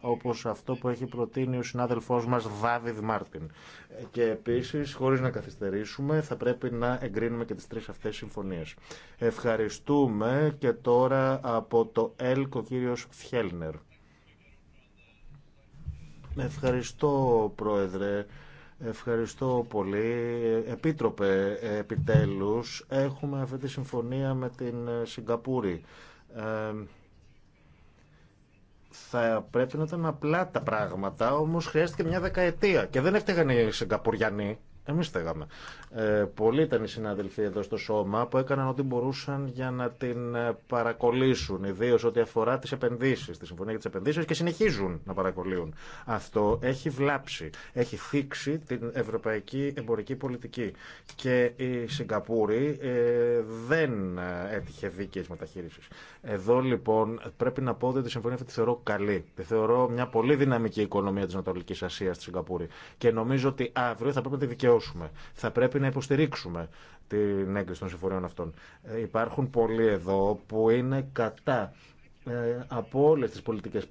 όπως αυτό που έχει προτείνει ο συνάδελφός μας Δάβιδ Μάρτιν. Και επίσης, χωρίς να καθυστερήσουμε, θα πρέπει να εγκρίνουμε και τις τρεις αυτές συμφωνίες. Ευχαριστούμε και τώρα από το ΕΛΚ ο κύριος Φιέλνερ. Ευχαριστώ, Πρόεδρε. Ευχαριστώ πολύ. Επίτροπε, επιτέλους, έχουμε αυτή τη συμφωνία με την Σιγκαπούρη. Ε, θα πρέπει να ήταν απλά τα πράγματα, όμως χρειάστηκε μια δεκαετία. Και δεν έφταιγαν οι Σιγκαπουριανοί, Εμεί στέγαμε. Ε, πολλοί ήταν οι συναδελφοί εδώ στο σώμα που έκαναν ό,τι μπορούσαν για να την ε, παρακολύσουν, ιδίω ό,τι αφορά τι επενδύσει, τη Συμφωνία για τι Επενδύσει και συνεχίζουν να παρακολύουν. Αυτό έχει βλάψει, έχει θίξει την ευρωπαϊκή εμπορική πολιτική. Και η Σιγκαπούρη ε, δεν ε, έτυχε δίκαιε μεταχείριση. Εδώ λοιπόν πρέπει να πω ότι τη Συμφωνία αυτή τη θεωρώ καλή. Τη θεωρώ μια πολύ δυναμική οικονομία τη Ανατολική Ασία στη Σιγκαπούρη. Και νομίζω ότι αύριο θα πρέπει να τη θα πρέπει να υποστηρίξουμε την έγκριση των συμφοριών αυτών. Ε, υπάρχουν πολλοί εδώ που είναι κατά ε, από όλες τις πολιτικές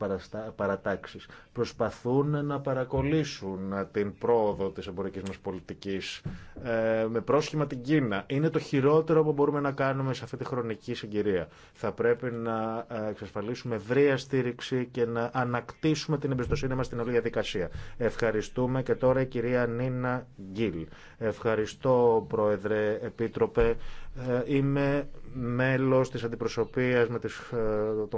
παρατάξεις προσπαθούν να παρακολύσουν την πρόοδο της εμπορικής μας πολιτικής ε, με πρόσχημα την Κίνα. Είναι το χειρότερο που μπορούμε να κάνουμε σε αυτή τη χρονική συγκυρία. Θα πρέπει να ε, εξασφαλίσουμε ευρεία στήριξη και να ανακτήσουμε την εμπιστοσύνη μας στην όλη διαδικασία. Ευχαριστούμε και τώρα η κυρία Νίνα Γκίλ. Ευχαριστώ Πρόεδρε Επίτροπε. Είμαι μέλος της αντιπροσωπείας με τις,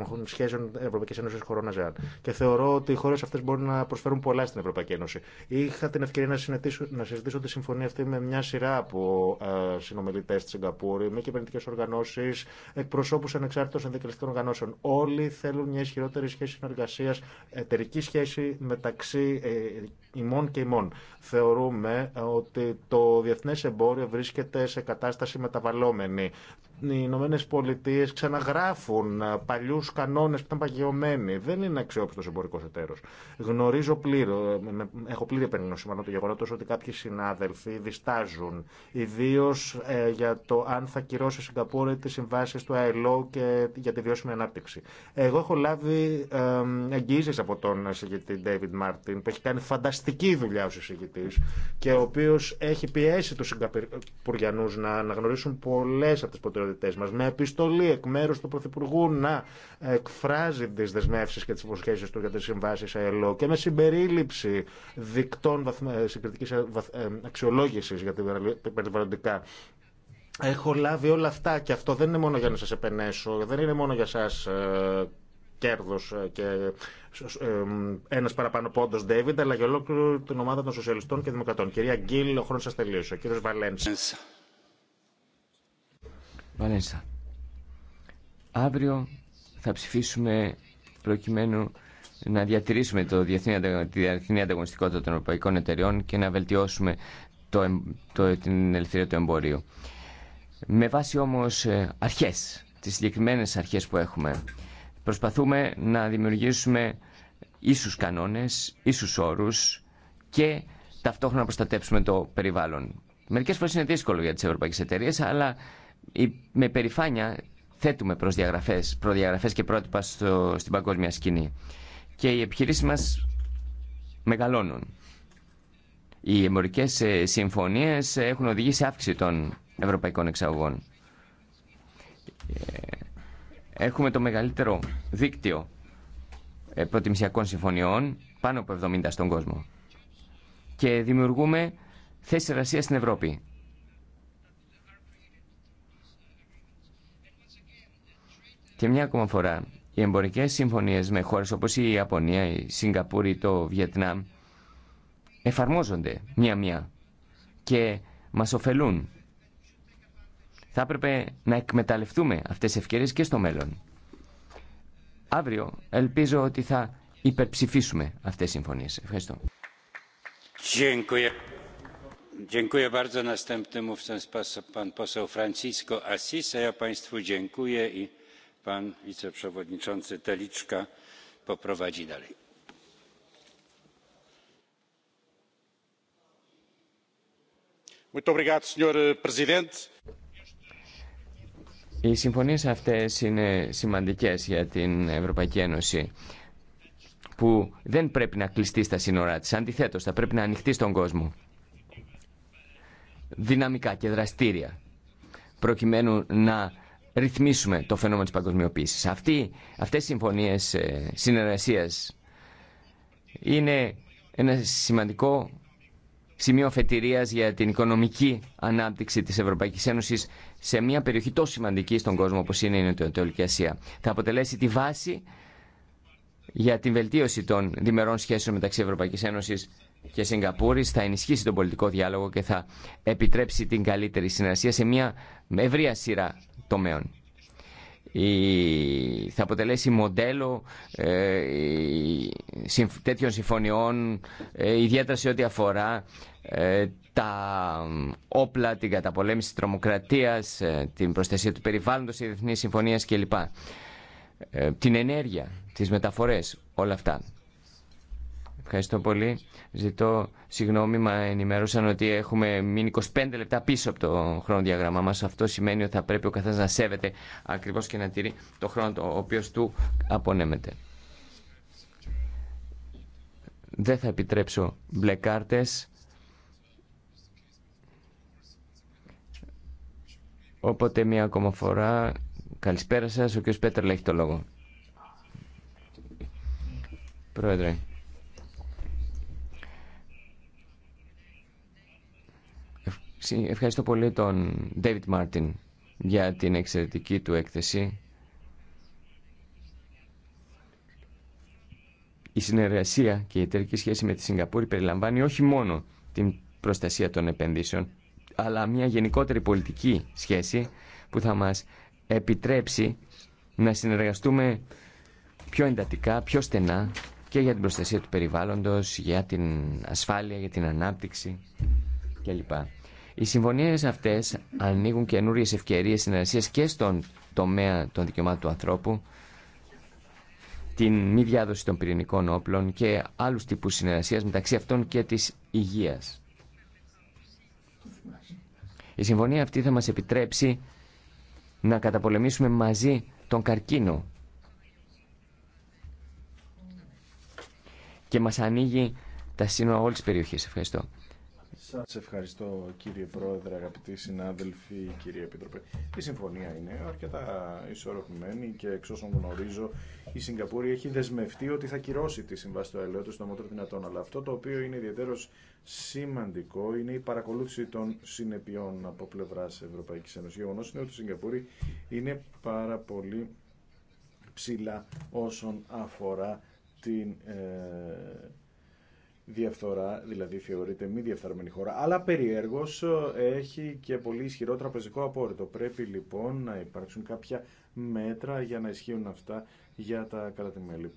των σχέσεων Ευρωπαϊκή Ένωση χωρών ΑΖΕΑΝ. Και θεωρώ ότι οι χώρε αυτέ μπορούν να προσφέρουν πολλά στην Ευρωπαϊκή Ένωση. Είχα την ευκαιρία να, συζητήσω, να συζητήσω τη συμφωνία αυτή με μια σειρά από ε, συνομιλητέ τη Σιγκαπούρη, με κυβερνητικέ οργανώσει, εκπροσώπου ανεξάρτητων συνδικαλιστικών οργανώσεων. Όλοι θέλουν μια ισχυρότερη σχέση συνεργασία, εταιρική σχέση μεταξύ ε, ημών και ημών. Θεωρούμε ότι το διεθνέ εμπόριο βρίσκεται σε κατάσταση μεταβαλλόμενη οι Ηνωμένε Πολιτείε ξαναγράφουν ε, παλιού κανόνε που ήταν παγιωμένοι. Δεν είναι αξιόπιστο εμπορικό εταίρο. Γνωρίζω πλήρω, ε, έχω πλήρη επενδυνόση μάλλον το γεγονότο ότι κάποιοι συνάδελφοι διστάζουν, ιδίω ε, για το αν θα κυρώσει η Σιγκαπούρη τι συμβάσει του ΑΕΛΟ και για τη βιώσιμη ανάπτυξη. Εγώ έχω λάβει εγγυήσει από τον συγκεκριτή David Martin, που έχει κάνει φανταστική δουλειά ω συγγητή, και ο οποίο έχει πιέσει του Σιγκαπουριανού να αναγνωρίσουν πολλέ από τι προτεραιότητε μα, με επιστολή εκ μέρου του Πρωθυπουργού να εκφράζει τι δεσμεύσει και τι υποσχέσει του για τι συμβάσει ΑΕΛΟ και με συμπερίληψη δικτών ε, συγκριτική ε, ε, αξιολόγηση για την περιβαλλοντικά Έχω λάβει όλα αυτά και αυτό δεν είναι μόνο για να σας επενέσω, δεν είναι μόνο για σας κέρδο κέρδος και ένα ένας παραπάνω πόντος Ντέιβιντ, αλλά για ολόκληρη την ομάδα των Σοσιαλιστών και Δημοκρατών. Κυρία Γκίλ, ο χρόνος σας τελείωσε. Κύριος Βαλένσης. Βαλένσα. Αύριο θα ψηφίσουμε προκειμένου να διατηρήσουμε το διεθνή, τη διεθνή ανταγωνιστικότητα των ευρωπαϊκών εταιριών και να βελτιώσουμε το, το, την ελευθερία του εμπορίου. Με βάση όμως ε, αρχές, τις συγκεκριμένε αρχές που έχουμε, προσπαθούμε να δημιουργήσουμε ίσους κανόνες, ίσους όρους και ταυτόχρονα να προστατέψουμε το περιβάλλον. Μερικές φορές είναι δύσκολο για τις ευρωπαϊκές εταιρείες, αλλά με περηφάνεια θέτουμε διαγραφές προδιαγραφές και πρότυπα στο, στην παγκόσμια σκηνή. Και οι επιχειρήσεις μας μεγαλώνουν. Οι εμπορικές ε, συμφωνίες ε, έχουν οδηγήσει σε αύξηση των ευρωπαϊκών εξαγωγών. Ε, έχουμε το μεγαλύτερο δίκτυο προτιμησιακών συμφωνιών, πάνω από 70 στον κόσμο. Και δημιουργούμε θέσεις εργασία στην Ευρώπη. Και μια ακόμα φορά, οι εμπορικές συμφωνίες με χώρες όπως η Ιαπωνία, η Σιγκαπούρη, το Βιετνάμ εφαρμόζονται μία-μία και μας ωφελούν. Θα έπρεπε να εκμεταλλευτούμε αυτές τις ευκαιρίες και στο μέλλον. Αύριο ελπίζω ότι θα υπερψηφίσουμε αυτές τις συμφωνίες. Ευχαριστώ. Dziękuję bardzo. Następny pan wiceprzewodniczący telika poprowadzi dalej. Eh, Οι συμφωνίε αυτέ είναι σημαντικέ για την Ευρωπαϊκή Ένωση που δεν πρέπει να κλειστεί στα σύνορά τη. Αντιθέτω, θα πρέπει να ανοιχτεί στον κόσμο δυναμικά και δραστήρια προκειμένου να ρυθμίσουμε το φαινόμενο της παγκοσμιοποίησης. Αυτή, αυτές οι συμφωνίες ε, συνεργασίας είναι ένα σημαντικό σημείο φετηρίας για την οικονομική ανάπτυξη της Ευρωπαϊκής Ένωσης σε μια περιοχή τόσο σημαντική στον κόσμο όπως είναι η Νοτιοτεολική Ασία. Θα αποτελέσει τη βάση για την βελτίωση των διμερών σχέσεων μεταξύ Ευρωπαϊκής Ένωσης και Σιγκαπούρης, θα ενισχύσει τον πολιτικό διάλογο και θα επιτρέψει την καλύτερη συνεργασία σε μια ευρεία σειρά η... Θα αποτελέσει μοντέλο ε, τέτοιων συμφωνιών ε, ιδιαίτερα σε ό,τι αφορά ε, τα όπλα, την καταπολέμηση της τρομοκρατίας, ε, την προστασία του περιβάλλοντος, οι διεθνείς συμφωνία κλπ. Την ενέργεια, τις μεταφορές, όλα αυτά. Ευχαριστώ πολύ. Ζητώ συγγνώμη, μα ενημέρωσαν ότι έχουμε μείνει 25 λεπτά πίσω από το χρόνο διαγράμμα μα. Αυτό σημαίνει ότι θα πρέπει ο καθένα να σέβεται ακριβώς και να τηρεί το χρόνο ο οποίο του απονέμεται. Δεν θα επιτρέψω μπλε κάρτε. Οπότε μία ακόμα φορά, καλησπέρα σας, ο κ. Πέτρελ έχει το λόγο. Πρόεδρε. Ευχαριστώ πολύ τον David Μάρτιν για την εξαιρετική του έκθεση. Η συνεργασία και η εταιρική σχέση με τη Σιγκαπούρη περιλαμβάνει όχι μόνο την προστασία των επενδύσεων, αλλά μια γενικότερη πολιτική σχέση που θα μας επιτρέψει να συνεργαστούμε πιο εντατικά, πιο στενά και για την προστασία του περιβάλλοντος, για την ασφάλεια, για την ανάπτυξη κλπ. Οι συμφωνίες αυτές ανοίγουν καινούριε ευκαιρίε συνεργασία και στον τομέα των δικαιωμάτων του ανθρώπου, την μη διάδοση των πυρηνικών όπλων και άλλους τύπους συνεργασία μεταξύ αυτών και της υγείας. Η συμφωνία αυτή θα μας επιτρέψει να καταπολεμήσουμε μαζί τον καρκίνο και μας ανοίγει τα σύνορα όλης της περιοχής. Ευχαριστώ. Σας ευχαριστώ κύριε Πρόεδρε, αγαπητοί συνάδελφοι, κύριε Επίτροπε. Η συμφωνία είναι αρκετά ισορροπημένη και εξ όσων γνωρίζω η Σιγκαπούρη έχει δεσμευτεί ότι θα κυρώσει τη συμβάση του το στο μοτρό δυνατόν. Αλλά αυτό το οποίο είναι ιδιαίτερο σημαντικό είναι η παρακολούθηση των συνεπειών από πλευρά Ευρωπαϊκή Ένωση. Γεγονό είναι ότι η Σιγκαπούρη είναι πάρα πολύ ψηλά όσον αφορά την ε, διαφθορά, δηλαδή θεωρείται μη διαφθαρμένη χώρα, αλλά περιέργως ε, έχει και πολύ ισχυρό τραπεζικό απόρριτο. Πρέπει λοιπόν να υπάρξουν κάποια μέτρα για να ισχύουν αυτά για τα κρατημέλη.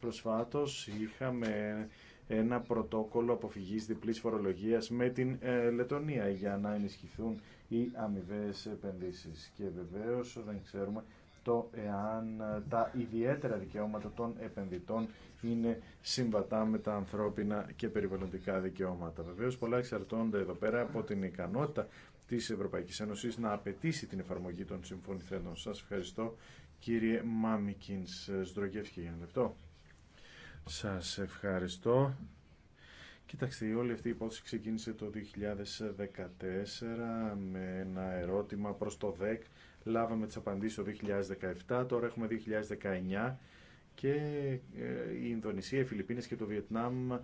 Προσφάτως είχαμε ένα πρωτόκολλο αποφυγής διπλής φορολογίας με την ε, Λετωνία για να ενισχυθούν οι αμοιβέ επενδύσεις. Και βεβαίως δεν ξέρουμε το εάν τα ιδιαίτερα δικαιώματα των επενδυτών είναι συμβατά με τα ανθρώπινα και περιβαλλοντικά δικαιώματα. Βεβαίω, πολλά εξαρτώνται εδώ πέρα από την ικανότητα τη Ευρωπαϊκή Ένωση να απαιτήσει την εφαρμογή των συμφωνηθέντων. Σα ευχαριστώ, κύριε Μάμικιν Σδρογεύχη, για ένα λεπτό. Σα ευχαριστώ. Κοιτάξτε, όλη αυτή η υπόθεση ξεκίνησε το 2014 με ένα ερώτημα προς το ΔΕΚ. Λάβαμε τις απαντήσεις το 2017, τώρα έχουμε 2019 και ε, η Ινδονησία, οι Φιλιππίνες και το Βιετνάμ ε,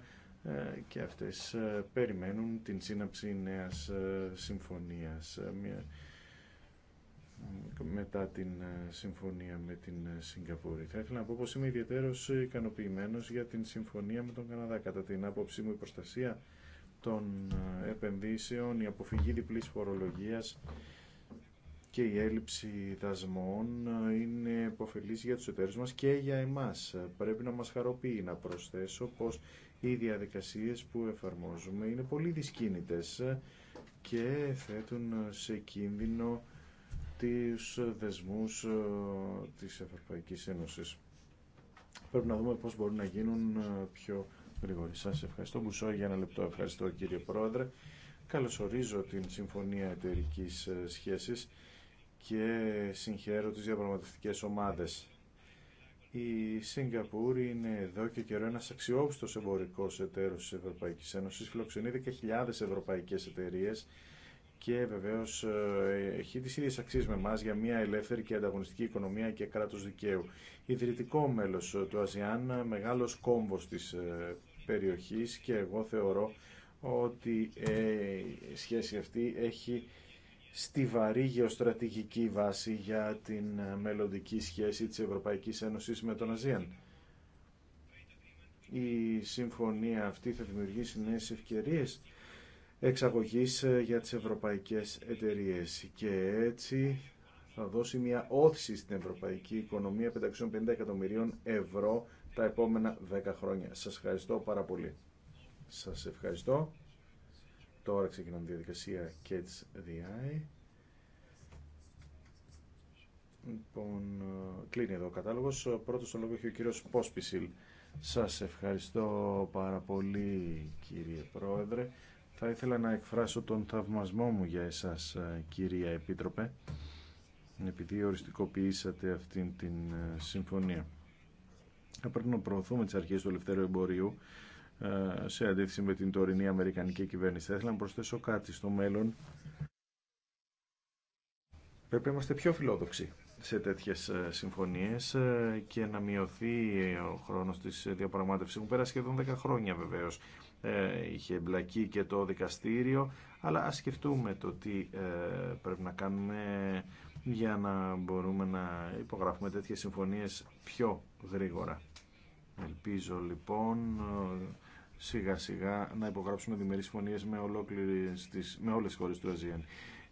και αυτές ε, περιμένουν την σύναψη νέας συμφωνίας μετά την συμφωνία με την Σιγκαπούρη. Θα ήθελα να πω πως είμαι ιδιαίτερος ικανοποιημένος για την συμφωνία με τον Καναδά. Κατά την άποψή μου η προστασία των επενδύσεων, η αποφυγή διπλής φορολογίας και η έλλειψη δασμών είναι υποφελής για τους εταίρους μας και για εμάς. Πρέπει να μας χαροποιεί να προσθέσω πως οι διαδικασίες που εφαρμόζουμε είναι πολύ δυσκίνητες και θέτουν σε κίνδυνο τους δεσμούς ε, της Ευρωπαϊκής Ένωσης. Πρέπει να δούμε πώς μπορούν να γίνουν ε, πιο γρήγοροι. Σας ευχαριστώ. Μπουσό για ένα λεπτό. Ευχαριστώ κύριε Πρόεδρε. Καλωσορίζω την Συμφωνία Εταιρικής ε, Σχέσης και συγχαίρω τις διαπραγματευτικές ομάδες. Η Σιγκαπούρη είναι εδώ και καιρό ένας αξιόπιστος εμπορικός εταίρος της Ευρωπαϊκής Ένωσης, φιλοξενεί χιλιάδε ευρωπαϊκές εταιρείες και βεβαίως ε, έχει τις ίδιες αξίες με εμάς για μια ελεύθερη και ανταγωνιστική οικονομία και κράτος δικαίου. Ιδρυτικό μέλος του ΑΖΙΑΝ, μεγάλος κόμβος της ε, περιοχής και εγώ θεωρώ ότι ε, η σχέση αυτή έχει στη βαρύ γεωστρατηγική βάση για την μελλοντική σχέση της Ευρωπαϊκής Ένωσης με τον Αζίαν. Η συμφωνία αυτή θα δημιουργήσει νέες ευκαιρίες εξαγωγής ε, για τις ευρωπαϊκές εταιρείες και έτσι θα δώσει μια όθηση στην ευρωπαϊκή οικονομία 550 εκατομμυρίων ευρώ τα επόμενα 10 χρόνια. Σας ευχαριστώ πάρα πολύ. Σας ευχαριστώ. Τώρα ξεκινάμε τη διαδικασία και the Λοιπόν, ε, κλείνει εδώ ο κατάλογος. Πρώτος στο λόγο έχει ο κύριος Πόσπισιλ. Σας ευχαριστώ πάρα πολύ κύριε Πρόεδρε. Θα ήθελα να εκφράσω τον θαυμασμό μου για εσάς ε, κυρία Επίτροπε επειδή οριστικοποιήσατε αυτήν την ε, συμφωνία. Θα πρέπει να προωθούμε τις αρχές του ελευθέρου εμπορίου ε, σε αντίθεση με την τωρινή Αμερικανική κυβέρνηση. Θα ήθελα να προσθέσω κάτι στο μέλλον. Πρέπει να είμαστε πιο φιλόδοξοι σε τέτοιες ε, συμφωνίες ε, και να μειωθεί ο χρόνος της διαπραγμάτευσης. Μου πέρασε σχεδόν 10 χρόνια βεβαίως. είχε εμπλακεί και το δικαστήριο, αλλά ας σκεφτούμε το τι πρέπει να κάνουμε για να μπορούμε να υπογράφουμε τέτοιες συμφωνίες πιο γρήγορα. Ελπίζω λοιπόν σιγά σιγά να υπογράψουμε διμερείς συμφωνίες με, ολόκληρες τις, με όλες τις χώρες του ΑΖΙΑΝ.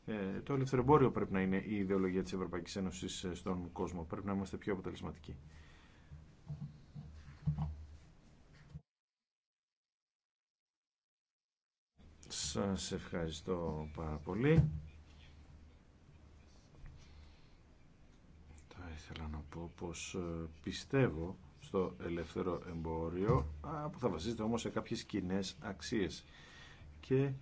Ε, το ελευθερεμπόριο πρέπει να είναι η ιδεολογία της Ευρωπαϊκής Ένωσης ε, στον κόσμο. Πρέπει να είμαστε πιο αποτελεσματικοί. Σας ευχαριστώ πάρα πολύ. Θα ήθελα να πω πως ε, πιστεύω στο ελεύθερο εμπόριο που θα βασίζεται όμως σε κάποιες κοινέ αξίες και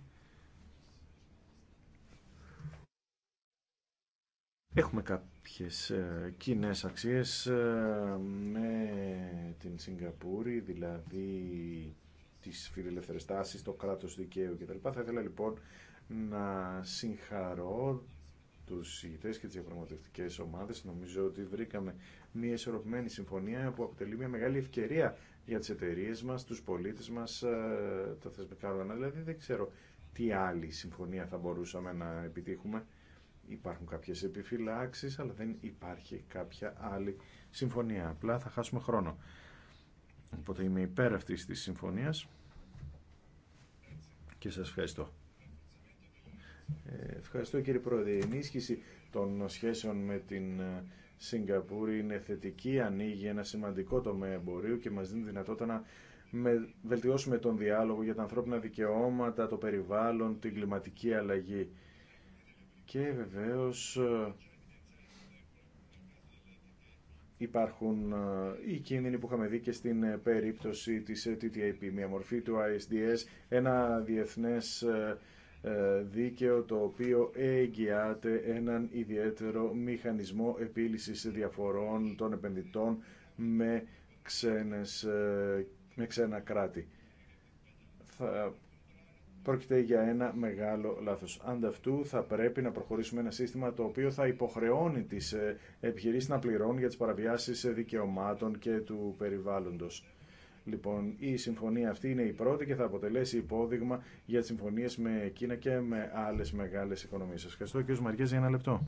έχουμε κάποιες ε, κοινέ αξίες ε, με την Σιγκαπούρη δηλαδή τις φιλελεύθερες τάσεις, το κράτος δικαίου κτλ. Θα ήθελα λοιπόν να συγχαρώ τους ηγητές και τις διαπραγματευτικές ομάδες. Νομίζω ότι βρήκαμε μια ισορροπημένη συμφωνία που αποτελεί μια μεγάλη ευκαιρία για τι εταιρείε μα τους πολίτε μας, ε, τα θεσμικά όργανα. Δηλαδή δεν ξέρω τι άλλη συμφωνία θα μπορούσαμε να επιτύχουμε. Υπάρχουν κάποιες επιφυλάξεις, αλλά δεν υπάρχει κάποια άλλη συμφωνία. Απλά θα χάσουμε χρόνο. Οπότε είμαι υπέρ αυτή τη συμφωνία. και σα ευχαριστώ. Ε, ευχαριστώ κύριε Πρόεδρε των σχέσεων με την ε, Σιγκαπούρη είναι θετική, ανοίγει ένα σημαντικό τομέα εμπορίου και μας δίνει δυνατότητα να με, βελτιώσουμε τον διάλογο για τα ανθρώπινα δικαιώματα, το περιβάλλον, την κλιματική αλλαγή. Και βεβαίως ε, υπάρχουν ε, οι κίνδυνοι που είχαμε δει και στην περίπτωση της TTIP, μια μορφή του ISDS, ένα διεθνές ε, δίκαιο το οποίο εγγυάται έναν ιδιαίτερο μηχανισμό επίλυσης διαφορών των επενδυτών με, ξένες, ε, με ξένα κράτη. πρόκειται για ένα μεγάλο λάθος. Ανταυτού θα πρέπει να προχωρήσουμε ένα σύστημα το οποίο θα υποχρεώνει τις ε, επιχειρήσεις να πληρώνουν για τις παραβιάσεις δικαιωμάτων και του περιβάλλοντος. Λοιπόν, η συμφωνία αυτή είναι η πρώτη και θα αποτελέσει υπόδειγμα για τις συμφωνίες με Κίνα και με άλλες μεγάλες οικονομίες. Σας ευχαριστώ κύριος Μαριές για ένα λεπτό.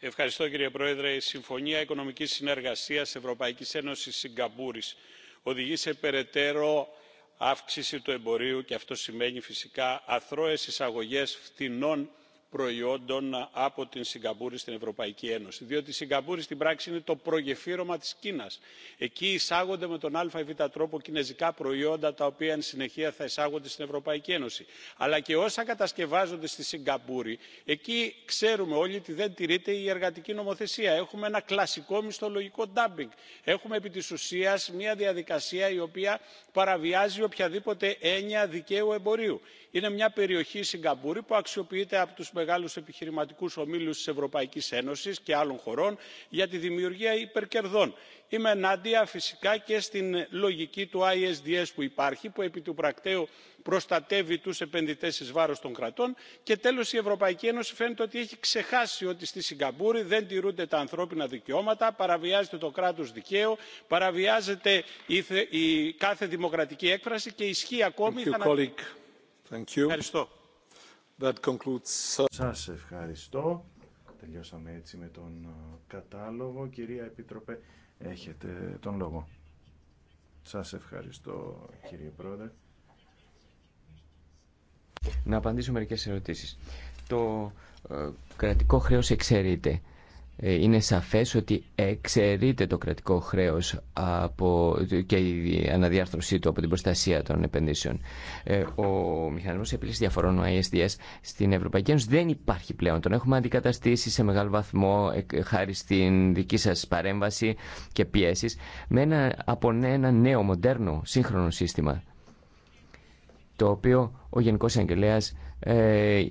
Ευχαριστώ κύριε Πρόεδρε. Η Συμφωνία Οικονομικής Συνεργασίας Ευρωπαϊκής Ένωσης Σιγκαπούρης οδηγεί σε περαιτέρω αύξηση του εμπορίου και αυτό σημαίνει φυσικά αθρώες εισαγωγές φθηνών προϊόντων από την Σιγκαπούρη στην Ευρωπαϊκή Ένωση. Διότι η Σιγκαπούρη στην πράξη είναι το προγεφύρωμα τη Κίνα. Εκεί εισάγονται με τον ΑΒ τρόπο κινέζικα προϊόντα τα οποία εν συνεχεία θα εισάγονται στην Ευρωπαϊκή Ένωση. Αλλά και όσα κατασκευάζονται στη Σιγκαπούρη, εκεί ξέρουμε όλοι ότι δεν τηρείται η εργατική νομοθεσία. Έχουμε ένα κλασικό μισθολογικό ντάμπινγκ. Έχουμε επί τη ουσία μια διαδικασία η οποία παραβιάζει οποιαδήποτε έννοια δικαίου εμπορίου. Είναι μια περιοχή η Σιγκαπούρη που αξιοποιείται από του μεγάλους επιχειρηματικούς ομίλους της ευρωπαϊκής ένωσης και άλλων χωρών για τη δημιουργία υπερκερδών. είμαι ενάντια φυσικά και στην λογική του isds που υπάρχει που επί του πρακτέου προστατεύει τους επενδυτές εις βάρος των κρατών και τέλος η ευρωπαϊκή ένωση φαίνεται ότι έχει ξεχάσει ότι στη σιγκαπούρη δεν τηρούνται τα ανθρώπινα δικαιώματα παραβιάζεται το κράτος δικαίου παραβιάζεται κάθε δημοκρατική έκφραση και ισχύει ακόμη That Σας ευχαριστώ. Τελειώσαμε έτσι με τον ε, κατάλογο. Κυρία Επίτροπε, έχετε τον λόγο. Σας ευχαριστώ κύριε Πρόεδρε. Να απαντήσω μερικές ερωτήσεις. Το ε, κρατικό χρέος εξαιρείται ε, είναι σαφές ότι εξαιρείται το κρατικό χρέος από, και η αναδιάρθρωσή του από την προστασία των επενδύσεων. Ε, ο μηχανισμός επίλυσης διαφορών, ο ISDS, στην Ευρωπαϊκή Ένωση δεν υπάρχει πλέον. Τον έχουμε αντικαταστήσει σε μεγάλο βαθμό χάρη στην δική σας παρέμβαση και πιέσεις με ένα, από ένα νέο, μοντέρνο, σύγχρονο σύστημα το οποίο ο Γενικός Αγγελέας ε,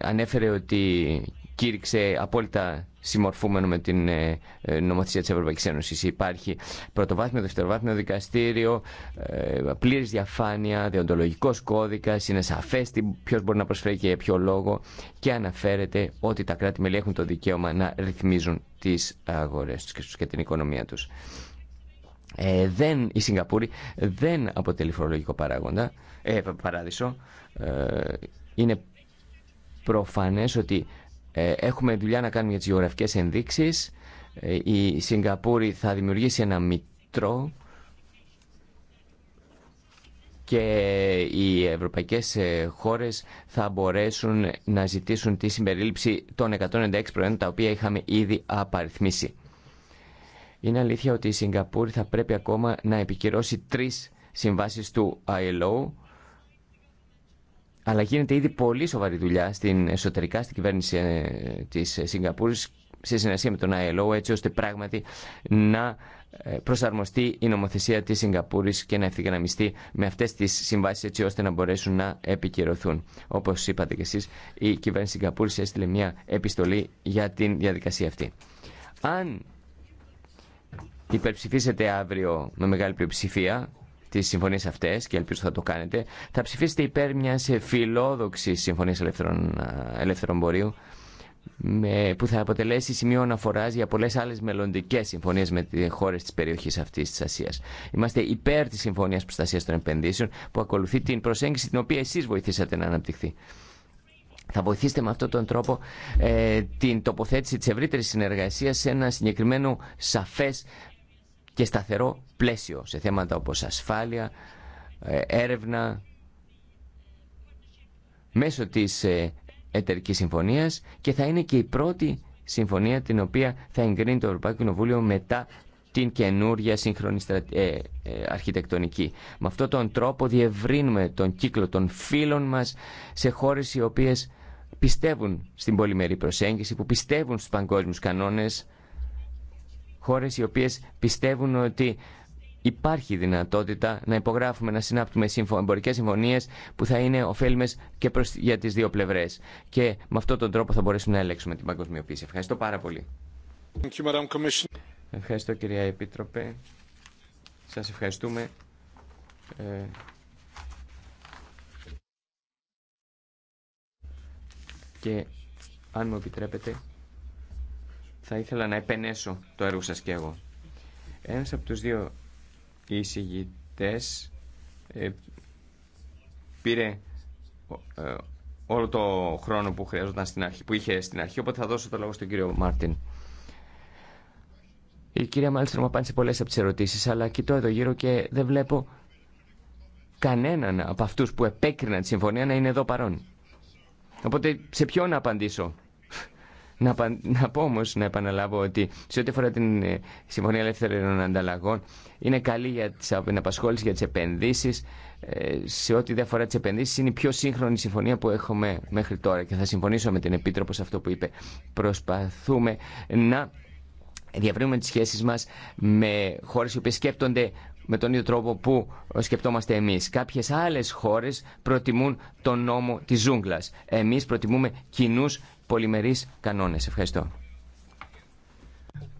ανέφερε ότι κήρυξε απόλυτα συμμορφούμενο με την ε, ε, νομοθεσία της Ευρωπαϊκής Ένωσης. Υπάρχει πρωτοβάθμιο, δευτεροβάθμιο δικαστήριο, ε, πλήρης διαφάνεια, διοντολογικός κώδικας, είναι σαφές ποιος μπορεί να προσφέρει και για ποιο λόγο και αναφέρεται ότι τα κράτη-μέλη έχουν το δικαίωμα να ρυθμίζουν τις αγορές τους και την οικονομία τους. Ε, δεν, η Σιγκαπούρη δεν αποτελεί φορολογικό παράγοντα, ε, παράδεισο. Ε, είναι προφανές ότι ε, έχουμε δουλειά να κάνουμε για τις γεωγραφικές ενδείξεις. Ε, η Σιγκαπούρη θα δημιουργήσει ένα μητρό και οι ευρωπαϊκές ε, χώρες θα μπορέσουν να ζητήσουν τη συμπερίληψη των 196 προϊόντων τα οποία είχαμε ήδη απαριθμίσει. Είναι αλήθεια ότι η Σιγκαπούρη θα πρέπει ακόμα να επικυρώσει τρεις συμβάσεις του ILO αλλά γίνεται ήδη πολύ σοβαρή δουλειά στην εσωτερικά στην κυβέρνηση ε, της Σιγκαπούρης σε συνεργασία με τον ΆΕΛΟ, έτσι ώστε πράγματι να ε, προσαρμοστεί η νομοθεσία της Σιγκαπούρης και να ευθυγραμμιστεί με αυτές τις συμβάσεις έτσι ώστε να μπορέσουν να επικυρωθούν. Όπως είπατε και εσείς, η κυβέρνηση Σιγκαπούρης έστειλε μια επιστολή για την διαδικασία αυτή. Αν υπερψηφίσετε αύριο με μεγάλη πλειοψηφία, τι συμφωνίε αυτέ και ελπίζω θα το κάνετε θα ψηφίσετε υπέρ μια φιλόδοξη συμφωνία ελεύθερων, ε, ελεύθερων πορείου που θα αποτελέσει σημείο αναφοράς για πολλέ άλλε μελλοντικέ συμφωνίε με τι χώρε τη περιοχή αυτή της Ασίας. Είμαστε υπέρ τη Συμφωνία Προστασία των Επενδύσεων που ακολουθεί την προσέγγιση την οποία εσεί βοηθήσατε να αναπτυχθεί. Θα βοηθήσετε με αυτόν τον τρόπο ε, την τοποθέτηση της ευρύτερης συνεργασίας σε ένα συγκεκριμένο σαφές και σταθερό πλαίσιο σε θέματα όπως ασφάλεια, ε, έρευνα, μέσω της ε, εταιρικής συμφωνίας και θα είναι και η πρώτη συμφωνία την οποία θα εγκρίνει το Ευρωπαϊκό Κοινοβούλιο μετά την καινούρια σύγχρονη ε, αρχιτεκτονική. Με αυτόν τον τρόπο διευρύνουμε τον κύκλο των φίλων μας σε χώρες οι οποίες πιστεύουν στην πολυμερή προσέγγιση, που πιστεύουν στους παγκόσμιους κανόνες χώρες οι οποίες πιστεύουν ότι υπάρχει δυνατότητα να υπογράφουμε, να συνάπτουμε εμπορικέ συμφωνίε που θα είναι ωφέλιμε και προς, για τι δύο πλευρέ. Και με αυτόν τον τρόπο θα μπορέσουμε να ελέγξουμε την παγκοσμιοποίηση. Ευχαριστώ πάρα πολύ. Ευχαριστώ κυρία Επίτροπε. Σα ευχαριστούμε. Ε, και αν μου επιτρέπετε θα ήθελα να επενέσω το έργο σας και εγώ. Ένας από τους δύο εισηγητές ε, πήρε ε, όλο το χρόνο που χρειαζόταν στην αρχή, που είχε στην αρχή, οπότε θα δώσω το λόγο στον κύριο Μάρτιν. Η κυρία Μάλιστρο μου απάντησε πολλές από τις ερωτήσεις, αλλά κοιτώ εδώ γύρω και δεν βλέπω κανέναν από αυτούς που επέκριναν τη συμφωνία να είναι εδώ παρόν. Οπότε σε ποιον να απαντήσω. Να, να πω όμω, να επαναλάβω ότι σε ό,τι αφορά την ε, Συμφωνία Ελεύθερων Ανταλλαγών, είναι καλή για την απασχόληση, για τι επενδύσει. Ε, σε ό,τι δεν αφορά τι επενδύσει, είναι η πιο σύγχρονη συμφωνία που έχουμε μέχρι τώρα και θα συμφωνήσω με την Επίτροπο σε αυτό που είπε. Προσπαθούμε να διαβρύνουμε τι σχέσει μα με χώρε οι οποίε σκέπτονται με τον ίδιο τρόπο που σκεπτόμαστε εμείς. Κάποιες άλλες χώρες προτιμούν τον νόμο της ζούγκλας. Εμεί προτιμούμε κοινού πολυμερείς κανόνες. Ευχαριστώ.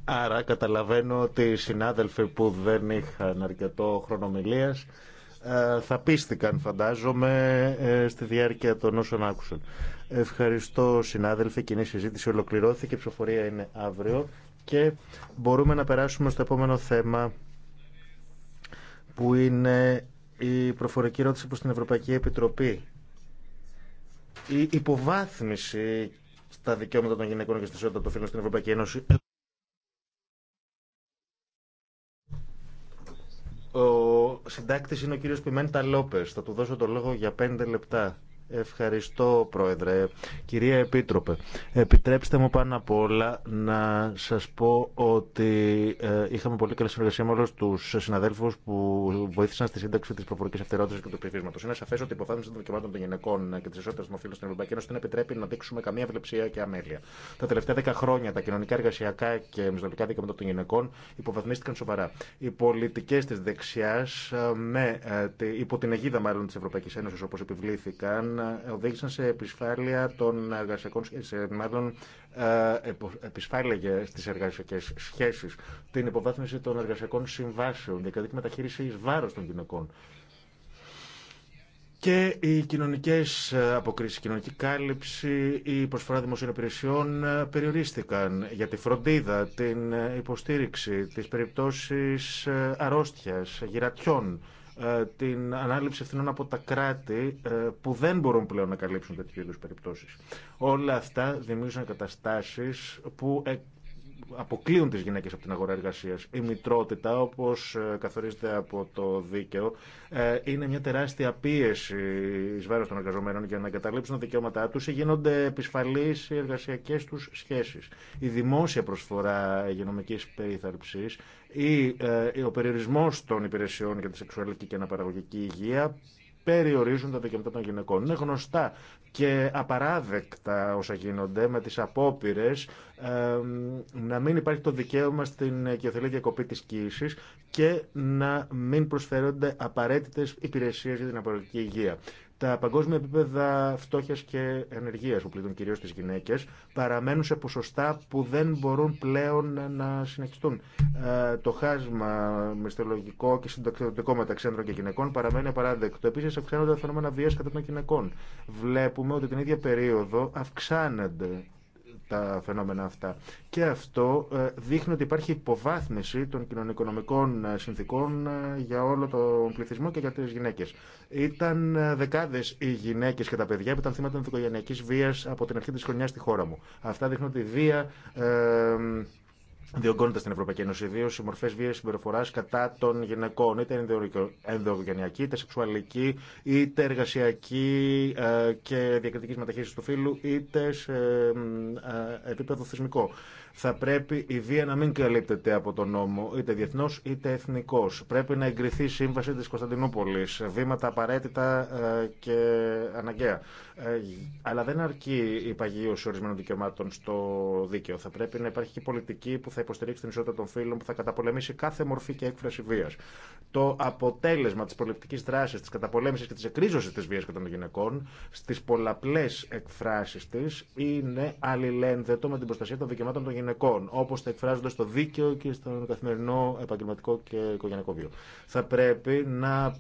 Άρα καταλαβαίνω ότι οι συνάδελφοι που δεν είχαν αρκετό χρονομιλία ε, θα πίστηκαν φαντάζομαι ε, στη διάρκεια των όσων άκουσαν. Ευχαριστώ συνάδελφοι, κοινή συζήτηση ολοκληρώθηκε, η ψηφοφορία είναι αύριο και μπορούμε να περάσουμε στο επόμενο θέμα που είναι η προφορική ερώτηση προς την Ευρωπαϊκή Επιτροπή. Η υποβάθμιση τα δικαιώματα των γυναικών και στη ισότητα των φίλων στην Ευρωπαϊκή Ένωση. Ο συντάκτης είναι ο κύριος Πιμέντα Λόπες. Θα του δώσω το λόγο για πέντε λεπτά. Ευχαριστώ, Πρόεδρε. Κυρία Επίτροπε, επιτρέψτε μου πάνω απ' όλα να σας πω ότι ε, είχαμε πολύ καλή συνεργασία με όλους τους συναδέλφους που βοήθησαν στη σύνταξη της προφορικής αυτερότητας και του ψηφίσματος. Είναι σαφές ότι η υποφάθμιση των δικαιωμάτων των γυναικών και της ισότητας των φίλων στην Ευρωπαϊκή Ένωση δεν επιτρέπει να δείξουμε καμία ευλεψία και αμέλεια. Τα τελευταία δέκα χρόνια τα κοινωνικά εργασιακά και μισθολογικά δικαιώματα των γυναικών υποβαθμίστηκαν σοβαρά. Οι πολιτικές της δεξιάς ε, με, ε, υπό την αιγίδα μάλλον της Ευρωπαϊκής Ένωσης όπως επιβλήθηκαν οδήγησαν σε επισφάλεια των εργασιακών σε, μάλλον ε, επισφάλεια στι εργασιακέ σχέσει, την υποβάθμιση των εργασιακών συμβάσεων, κατοίκη μεταχείριση ει βάρο των γυναικών. Και οι κοινωνικέ ε, αποκρίσει, η κοινωνική κάλυψη, η προσφορά δημοσίων υπηρεσιών ε, περιορίστηκαν για τη φροντίδα, την υποστήριξη, τι περιπτώσει αρρώστια, γυρατιών ε, την ανάληψη ευθυνών από τα κράτη ε, που δεν μπορούν πλέον να καλύψουν τέτοιου είδου περιπτώσει. Όλα αυτά δημιούργησαν καταστάσει που αποκλείουν τις γυναίκες από την αγορά εργασίας. Η μητρότητα, όπως ε, καθορίζεται από το δίκαιο, ε, είναι μια τεράστια πίεση εις βάρος των εργαζομένων για να καταλήψουν τα δικαιώματά τους ή γίνονται επισφαλείς οι εργασιακές τους σχέσεις. Η δημόσια προσφορά υγειονομικής περίθαλψης ή ε, ο περιορισμός των υπηρεσιών για τη σεξουαλική και αναπαραγωγική υγεία περιορίζουν τα δικαιώματα των γυναικών. Είναι γνωστά και απαράδεκτα όσα γίνονται με τις απόπειρε να μην υπάρχει το δικαίωμα στην οικειοθελή διακοπή της κοίησης και να μην προσφέρονται απαραίτητες υπηρεσίες για την απορροφική υγεία. Τα παγκόσμια επίπεδα φτώχεια και ενεργεία που πλήττουν κυρίω τι γυναίκε παραμένουν σε ποσοστά που δεν μπορούν πλέον να συνεχιστούν. Ε, το χάσμα μυστολογικό και συνταξιδοτικό μεταξύ άνδρων και γυναικών παραμένει απαράδεκτο. Επίση, αυξάνονται τα φαινόμενα βία κατά των γυναικών. Βλέπουμε ότι την ίδια περίοδο αυξάνονται τα φαινόμενα αυτά. Και αυτό ε, δείχνει ότι υπάρχει υποβάθμιση των κοινωνικονομικών ε, συνθήκων ε, για όλο τον πληθυσμό και για τις γυναίκες. Ήταν δεκάδες οι γυναίκες και τα παιδιά που ήταν θύματα οικογενειακής βία από την αρχή της χρονιά στη χώρα μου. Αυτά δείχνουν ότι η βία διωγγώνεται στην Ευρωπαϊκή Ένωση, ιδίω οι μορφέ βία συμπεριφορά κατά των γυναικών, είτε ενδογενειακή, είτε σεξουαλική, είτε εργασιακή ε, και διακριτική μεταχείριση του φύλου, είτε σε ε, ε, επίπεδο θεσμικό. Θα πρέπει η βία να μην καλύπτεται από τον νόμο, είτε διεθνώ είτε εθνικό. Πρέπει να εγκριθεί η σύμβαση τη Κωνσταντινούπολη. Βήματα απαραίτητα ε, και αναγκαία. Ε, αλλά δεν αρκεί η παγίωση ορισμένων δικαιωμάτων στο δίκαιο. Θα πρέπει να υπάρχει και πολιτική που θα υποστηρίξει την ισότητα των φίλων, που θα καταπολεμήσει κάθε μορφή και έκφραση βία. Το αποτέλεσμα τη πολιτική δράση, τη καταπολέμηση και τη εκρίζωση τη βία κατά των γυναικών, στι πολλαπλέ εκφράσει τη, είναι αλληλένδετο με την προστασία των δικαιωμάτων των γυναικών γυναικών, όπω τα εκφράζονται στο δίκαιο και στον καθημερινό επαγγελματικό και οικογενειακό βίο. Θα πρέπει να,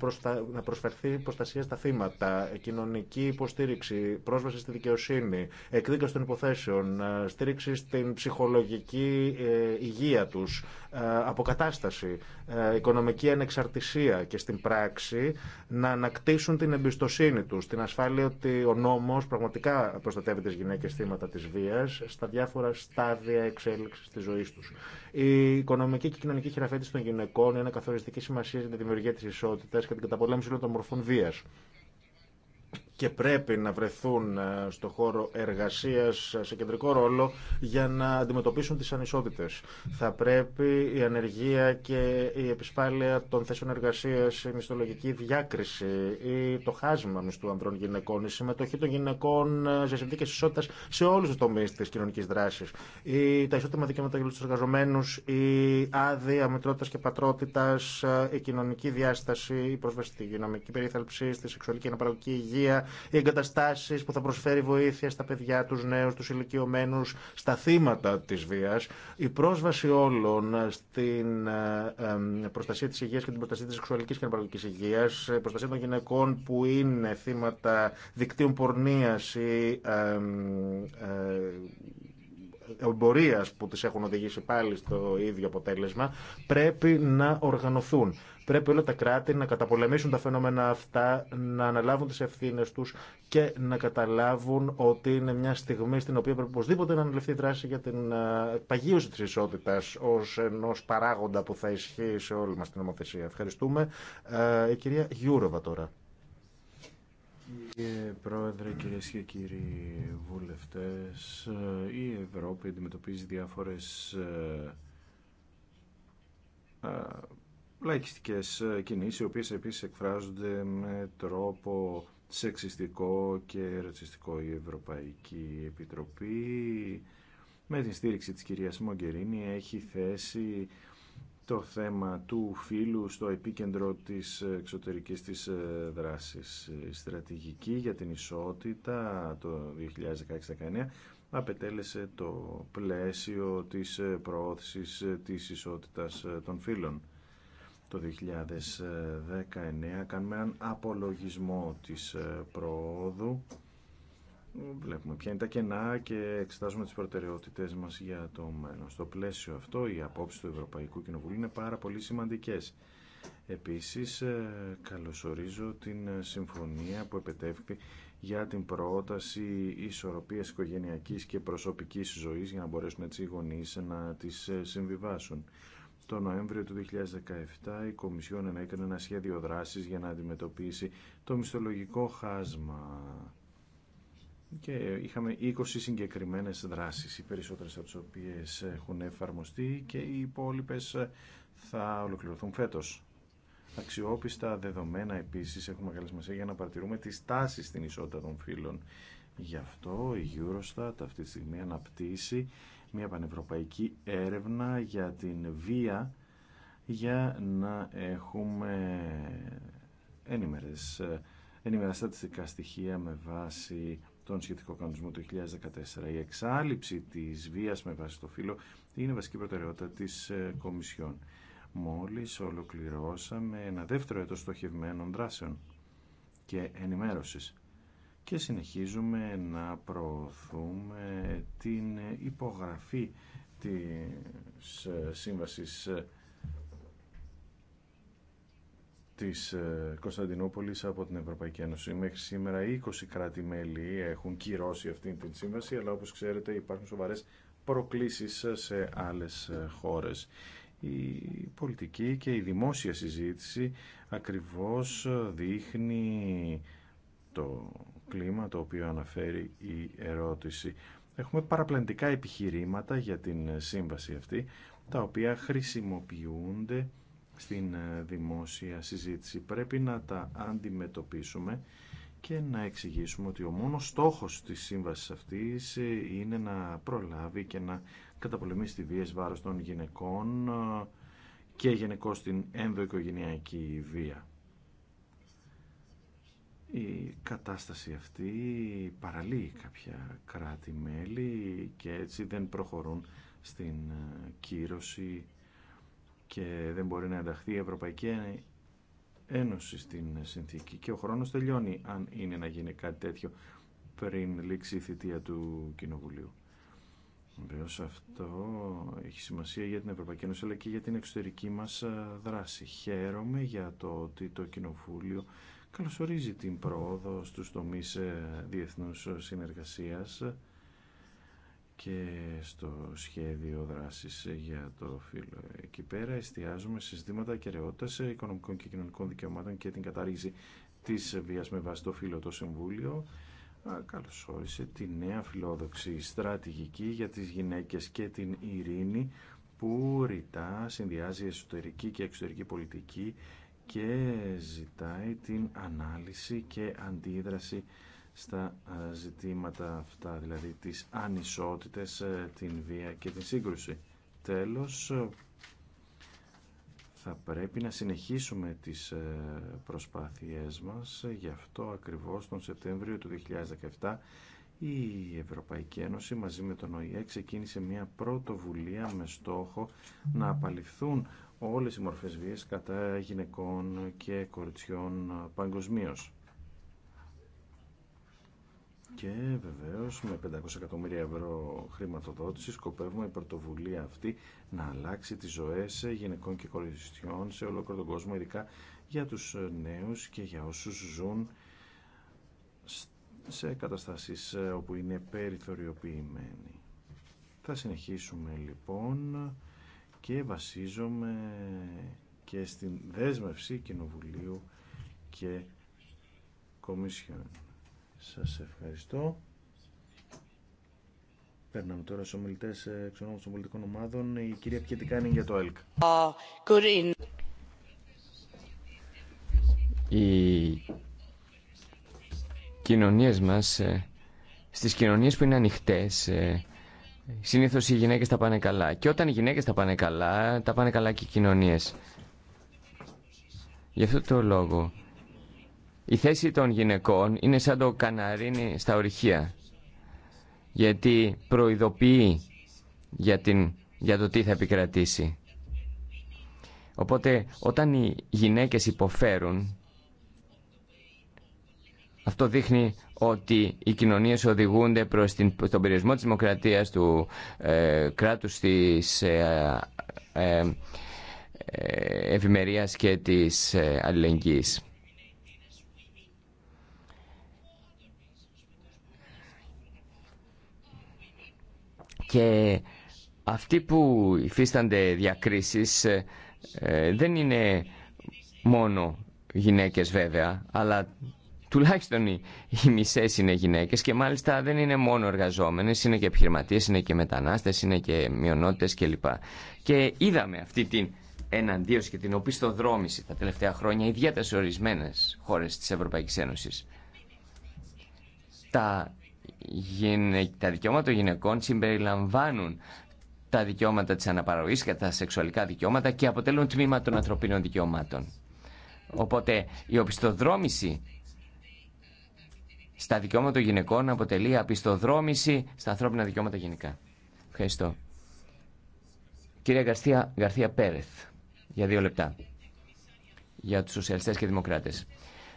να προσφερθεί προστασία στα θύματα, κοινωνική υποστήριξη, πρόσβαση στη δικαιοσύνη, εκδίκαση των υποθέσεων, ε, στήριξη στην ψυχολογική ε, υγεία του, ε, αποκατάσταση, οικονομική ανεξαρτησία και στην πράξη να ανακτήσουν την εμπιστοσύνη του, την ασφάλεια ότι ο νόμο πραγματικά προστατεύει τι γυναίκε θύματα τη βία στα διάφορα στάδια εξέλιξη τη ζωή του. Η οικονομική και κοινωνική χειραφέτηση των γυναικών είναι καθοριστική σημασία για τη δημιουργία τη ισότητα και την καταπολέμηση όλων των μορφών βία και πρέπει να βρεθούν ε, στο χώρο εργασίας σε κεντρικό ρόλο για να αντιμετωπίσουν τις ανισότητες. Θα πρέπει η ανεργία και η επισπάλεια των θέσεων εργασίας, η μισθολογική διάκριση ή το χάσμα μισθού ανδρών γυναικών, η συμμετοχή των γυναικών ε, σε συνθήκε ισότητας σε όλους τους τομείς της κοινωνικής δράσης, η, τα ισότιμα δικαιώματα για τους εργαζομένους, η άδεια μετρότητας και πατρότητα, ε, η κοινωνική διάσταση, η στη δυναμική περίθαλψη, στη σεξουαλική αναπαραγωγική υγεία, οι εγκαταστάσει που θα προσφέρει βοήθεια στα παιδιά, του νέου, του ηλικιωμένου, στα θύματα τη βία, η πρόσβαση όλων στην ε, ε, προστασία τη υγεία και την προστασία τη σεξουαλική και αναπαραγωγική υγεία, ε, προστασία των γυναικών που είναι θύματα δικτύων πορνεία ή εμπορία που τι έχουν οδηγήσει πάλι στο ίδιο αποτέλεσμα, πρέπει να οργανωθούν. Πρέπει όλα τα κράτη να καταπολεμήσουν τα φαινόμενα αυτά, να αναλάβουν τις ευθύνες τους και να καταλάβουν ότι είναι μια στιγμή στην οποία πρέπει οπωσδήποτε να αναλυφθεί δράση για την παγίωση της ισότητας ως ενός παράγοντα που θα ισχύει σε όλη μας την νομοθεσία. Ευχαριστούμε. η κυρία Γιούροβα τώρα. Κύριε Πρόεδρε, κυρίε και κύριοι βουλευτές, η Ευρώπη αντιμετωπίζει διάφορες ε, λαϊκιστικές ε, κινήσεις, οι οποίες επίσης εκφράζονται με τρόπο σεξιστικό και ρατσιστικό. Η Ευρωπαϊκή Επιτροπή με την στήριξη της κυρίας Μογκερίνη έχει θέσει το θέμα του φύλου στο επίκεντρο της εξωτερικής της ε, δράσης. Η στρατηγική για την ισότητα το 2016-2019 απετέλεσε το πλαίσιο της ε, προώθησης της ισότητας των φύλων το 2019 κάνουμε έναν απολογισμό της ε, προόδου βλέπουμε ποια είναι τα κενά και εξετάζουμε τις προτεραιότητες μας για το μέλλον. Στο πλαίσιο αυτό οι απόψεις του Ευρωπαϊκού Κοινοβουλίου είναι πάρα πολύ σημαντικές. Επίσης ε, καλωσορίζω την ε, συμφωνία που επετεύχθη για την πρόταση ισορροπίας οικογενειακής και προσωπικής ζωής για να μπορέσουν έτσι οι να τις συμβιβάσουν. Το Νοέμβριο του 2017 η Κομισιόν έκανε ένα σχέδιο δράσης για να αντιμετωπίσει το μισθολογικό χάσμα και είχαμε 20 συγκεκριμένες δράσεις, οι περισσότερες από τις οποίες έχουν εφαρμοστεί και οι υπόλοιπες θα ολοκληρωθούν φέτος. Αξιόπιστα δεδομένα επίσης έχουμε καλή για να παρατηρούμε τις τάσεις στην ισότητα των φύλων. Γι' αυτό η Eurostat αυτή τη στιγμή αναπτύσσει μια πανευρωπαϊκή έρευνα για την βία για να έχουμε ενημερές, ενημερά στατιστικά στοιχεία με βάση τον σχετικό κανονισμό του 2014. Η εξάλληψη της βίας με βάση το φύλλο είναι βασική προτεραιότητα της ε, Κομισιόν. Μόλις ολοκληρώσαμε ένα δεύτερο έτος στοχευμένων δράσεων και ενημέρωσης και συνεχίζουμε να προωθούμε την υπογραφή της σύμβασης της Κωνσταντινούπολης από την Ευρωπαϊκή Ένωση. Μέχρι σήμερα 20 κράτη-μέλη έχουν κυρώσει αυτή την σύμβαση, αλλά όπως ξέρετε υπάρχουν σοβαρές προκλήσεις σε άλλες χώρες. Η πολιτική και η δημόσια συζήτηση ακριβώς δείχνει το κλίμα το οποίο αναφέρει η ερώτηση. Έχουμε παραπλανητικά επιχειρήματα για την σύμβαση αυτή, τα οποία χρησιμοποιούνται στην ε, δημόσια συζήτηση. Πρέπει να τα αντιμετωπίσουμε και να εξηγήσουμε ότι ο μόνος στόχος της σύμβασης αυτής ε, είναι να προλάβει και να καταπολεμήσει τη βία βάρος των γυναικών ε, και γενικώ την ενδοοικογενειακή βία. Η κατάσταση αυτή παραλύει κάποια κράτη-μέλη και έτσι δεν προχωρούν στην ε, κύρωση και δεν μπορεί να ενταχθεί η Ευρωπαϊκή Ένωση στην συνθήκη και ο χρόνος τελειώνει αν είναι να γίνει κάτι τέτοιο πριν λήξει η θητεία του Κοινοβουλίου. Βεβαίω αυτό έχει σημασία για την Ευρωπαϊκή Ένωση αλλά και για την εξωτερική μας ε, δράση. Χαίρομαι για το ότι το Κοινοβούλιο καλωσορίζει την πρόοδο στους τομείς ε, διεθνούς συνεργασίας και στο σχέδιο δράσης για το φύλλο. Εκεί πέρα εστιάζουμε σε ζητήματα κεραιότητας ε, οικονομικών και κοινωνικών δικαιωμάτων και την κατάργηση της βίας με βάση το φύλλο το Συμβούλιο καλωσόρισε τη νέα φιλόδοξη στρατηγική για τις γυναίκες και την ειρήνη που ρητά συνδυάζει εσωτερική και εξωτερική πολιτική και ζητάει την ανάλυση και αντίδραση στα ε, ζητήματα αυτά, δηλαδή τις ανισότητες, ε, την βία και την σύγκρουση. Τέλος, ε, θα πρέπει να συνεχίσουμε τις προσπάθειές μας. Γι' αυτό ακριβώς τον Σεπτέμβριο του 2017 η Ευρωπαϊκή Ένωση μαζί με τον ΟΗΕ ξεκίνησε μια πρωτοβουλία με στόχο να απαλληφθούν όλες οι μορφές βίας κατά γυναικών και κοριτσιών παγκοσμίω. Και βεβαίως με 500 εκατομμύρια ευρώ χρηματοδότηση σκοπεύουμε η πρωτοβουλία αυτή να αλλάξει τις ζωές γυναικών και κοριτσιών σε ολόκληρο τον κόσμο, ειδικά για τους νέους και για όσους ζουν σε καταστάσεις όπου είναι περιθωριοποιημένοι. Θα συνεχίσουμε λοιπόν και βασίζομαι και στην δέσμευση Κοινοβουλίου και Κομίσιον. Σας ευχαριστώ. Παίρναμε τώρα στους ομιλητές ε, εξ των πολιτικών ομάδων. Η κυρία Πιετικάνη για το ΕΛΚ. Οι κοινωνίες μας, ε, στις κοινωνίες που είναι ανοιχτές, ε, Συνήθω οι γυναίκες τα πάνε καλά. Και όταν οι γυναίκες τα πάνε καλά, τα πάνε καλά και οι κοινωνίες. Γι' αυτό το λόγο, η θέση των γυναικών είναι σαν το καναρίνι στα ορυχεία. Γιατί προειδοποιεί για, την, για το τι θα επικρατήσει. Οπότε όταν οι γυναίκες υποφέρουν, αυτό δείχνει ότι οι κοινωνίες οδηγούνται προς τον περιορισμό της δημοκρατίας του ε, κράτους της ε, ε, ε, ευημερίας και της αλληλεγγύης. Και αυτοί που υφίστανται διακρίσεις δεν είναι μόνο γυναίκες βέβαια, αλλά τουλάχιστον οι, οι μισές είναι γυναίκε και μάλιστα δεν είναι μόνο εργαζόμενε, είναι και επιχειρηματίε, είναι και μετανάστε, είναι και μειονότητε κλπ. Και είδαμε αυτή την εναντίωση και την οπισθοδρόμηση τα τελευταία χρόνια, ιδιαίτερα σε ορισμένες χώρες της Ευρωπαϊκής Ένωσης. Τα, τα δικαιώματα των γυναικών συμπεριλαμβάνουν τα δικαιώματα της αναπαραγωγής και τα σεξουαλικά δικαιώματα και αποτελούν τμήμα των ανθρωπίνων δικαιωμάτων. Οπότε η οπισθοδρόμηση στα δικαιώματα των γυναικών αποτελεί απιστοδρόμηση στα ανθρώπινα δικαιώματα γενικά. Ευχαριστώ. Κυρία Γκαρθία, Γκαρθία Πέρεθ, για δύο λεπτά, για τους σοσιαλιστές και δημοκράτες.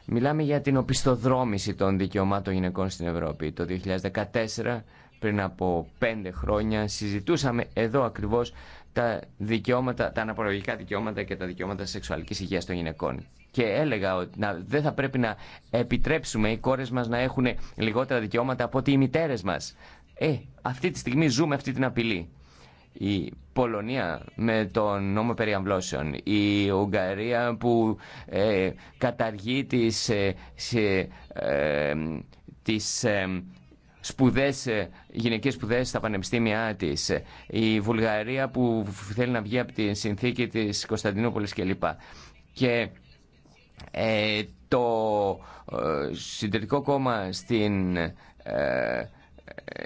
Μιλάμε για την οπισθοδρόμηση των δικαιωμάτων γυναικών στην Ευρώπη. Το 2014, πριν από πέντε χρόνια, συζητούσαμε εδώ ακριβώς τα δικαιώματα, τα αναπαραγωγικά δικαιώματα και τα δικαιώματα σεξουαλική υγεία των γυναικών. Και έλεγα ότι να, δεν θα πρέπει να επιτρέψουμε οι κόρε μα να έχουν λιγότερα δικαιώματα από ότι οι μητέρε μα. Ε, αυτή τη στιγμή ζούμε αυτή την απειλή. Η Πολωνία με τον νόμο περί αμβλώσεων, η Ουγγαρία που ε, καταργεί τις, ε, ε, τις σπουδές, ε, γυναικές σπουδές στα πανεπιστήμια της, η Βουλγαρία που θέλει να βγει από τη συνθήκη της Κωνσταντινούπολης κλπ. Και ε, το ε, συντηρητικό κόμμα στην ε,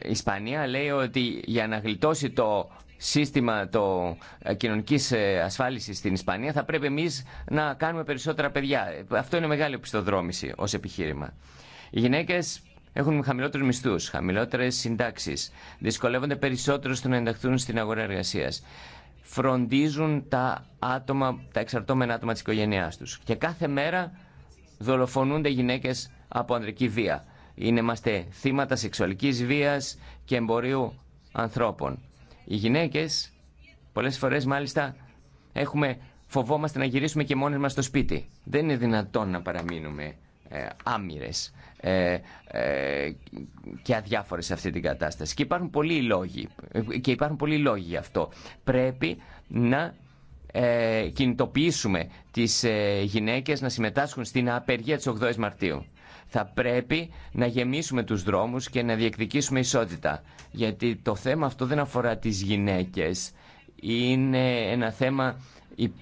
Ισπανία λέει ότι για να γλιτώσει το σύστημα το ε, κοινωνικής ασφάλισης στην Ισπανία θα πρέπει εμείς να κάνουμε περισσότερα παιδιά. Αυτό είναι μεγάλη οπισθοδρόμηση ως επιχείρημα. Οι γυναίκες έχουν χαμηλότερου μισθού, χαμηλότερε συντάξει, δυσκολεύονται περισσότερο στο να ενταχθούν στην αγορά εργασία. Φροντίζουν τα, άτομα, τα εξαρτώμενα άτομα τη οικογένειά του. Και κάθε μέρα δολοφονούνται γυναίκε από ανδρική βία. Είναι, είμαστε θύματα σεξουαλικής βίας και εμπορίου ανθρώπων. Οι γυναίκες, πολλές φορές μάλιστα, έχουμε, φοβόμαστε να γυρίσουμε και μόνοι μας στο σπίτι. Δεν είναι δυνατόν να παραμείνουμε ε, άμυρες ε, ε, και αδιάφορες σε αυτή την κατάσταση. Και υπάρχουν πολλοί λόγοι, και υπάρχουν πολλοί λόγοι γι' αυτό. Πρέπει να κινητοποιήσουμε τις γυναίκες να συμμετάσχουν στην απεργία της 8 Μαρτίου. Θα πρέπει να γεμίσουμε τους δρόμους και να διεκδικήσουμε ισότητα. Γιατί το θέμα αυτό δεν αφορά τις γυναίκες. Είναι ένα θέμα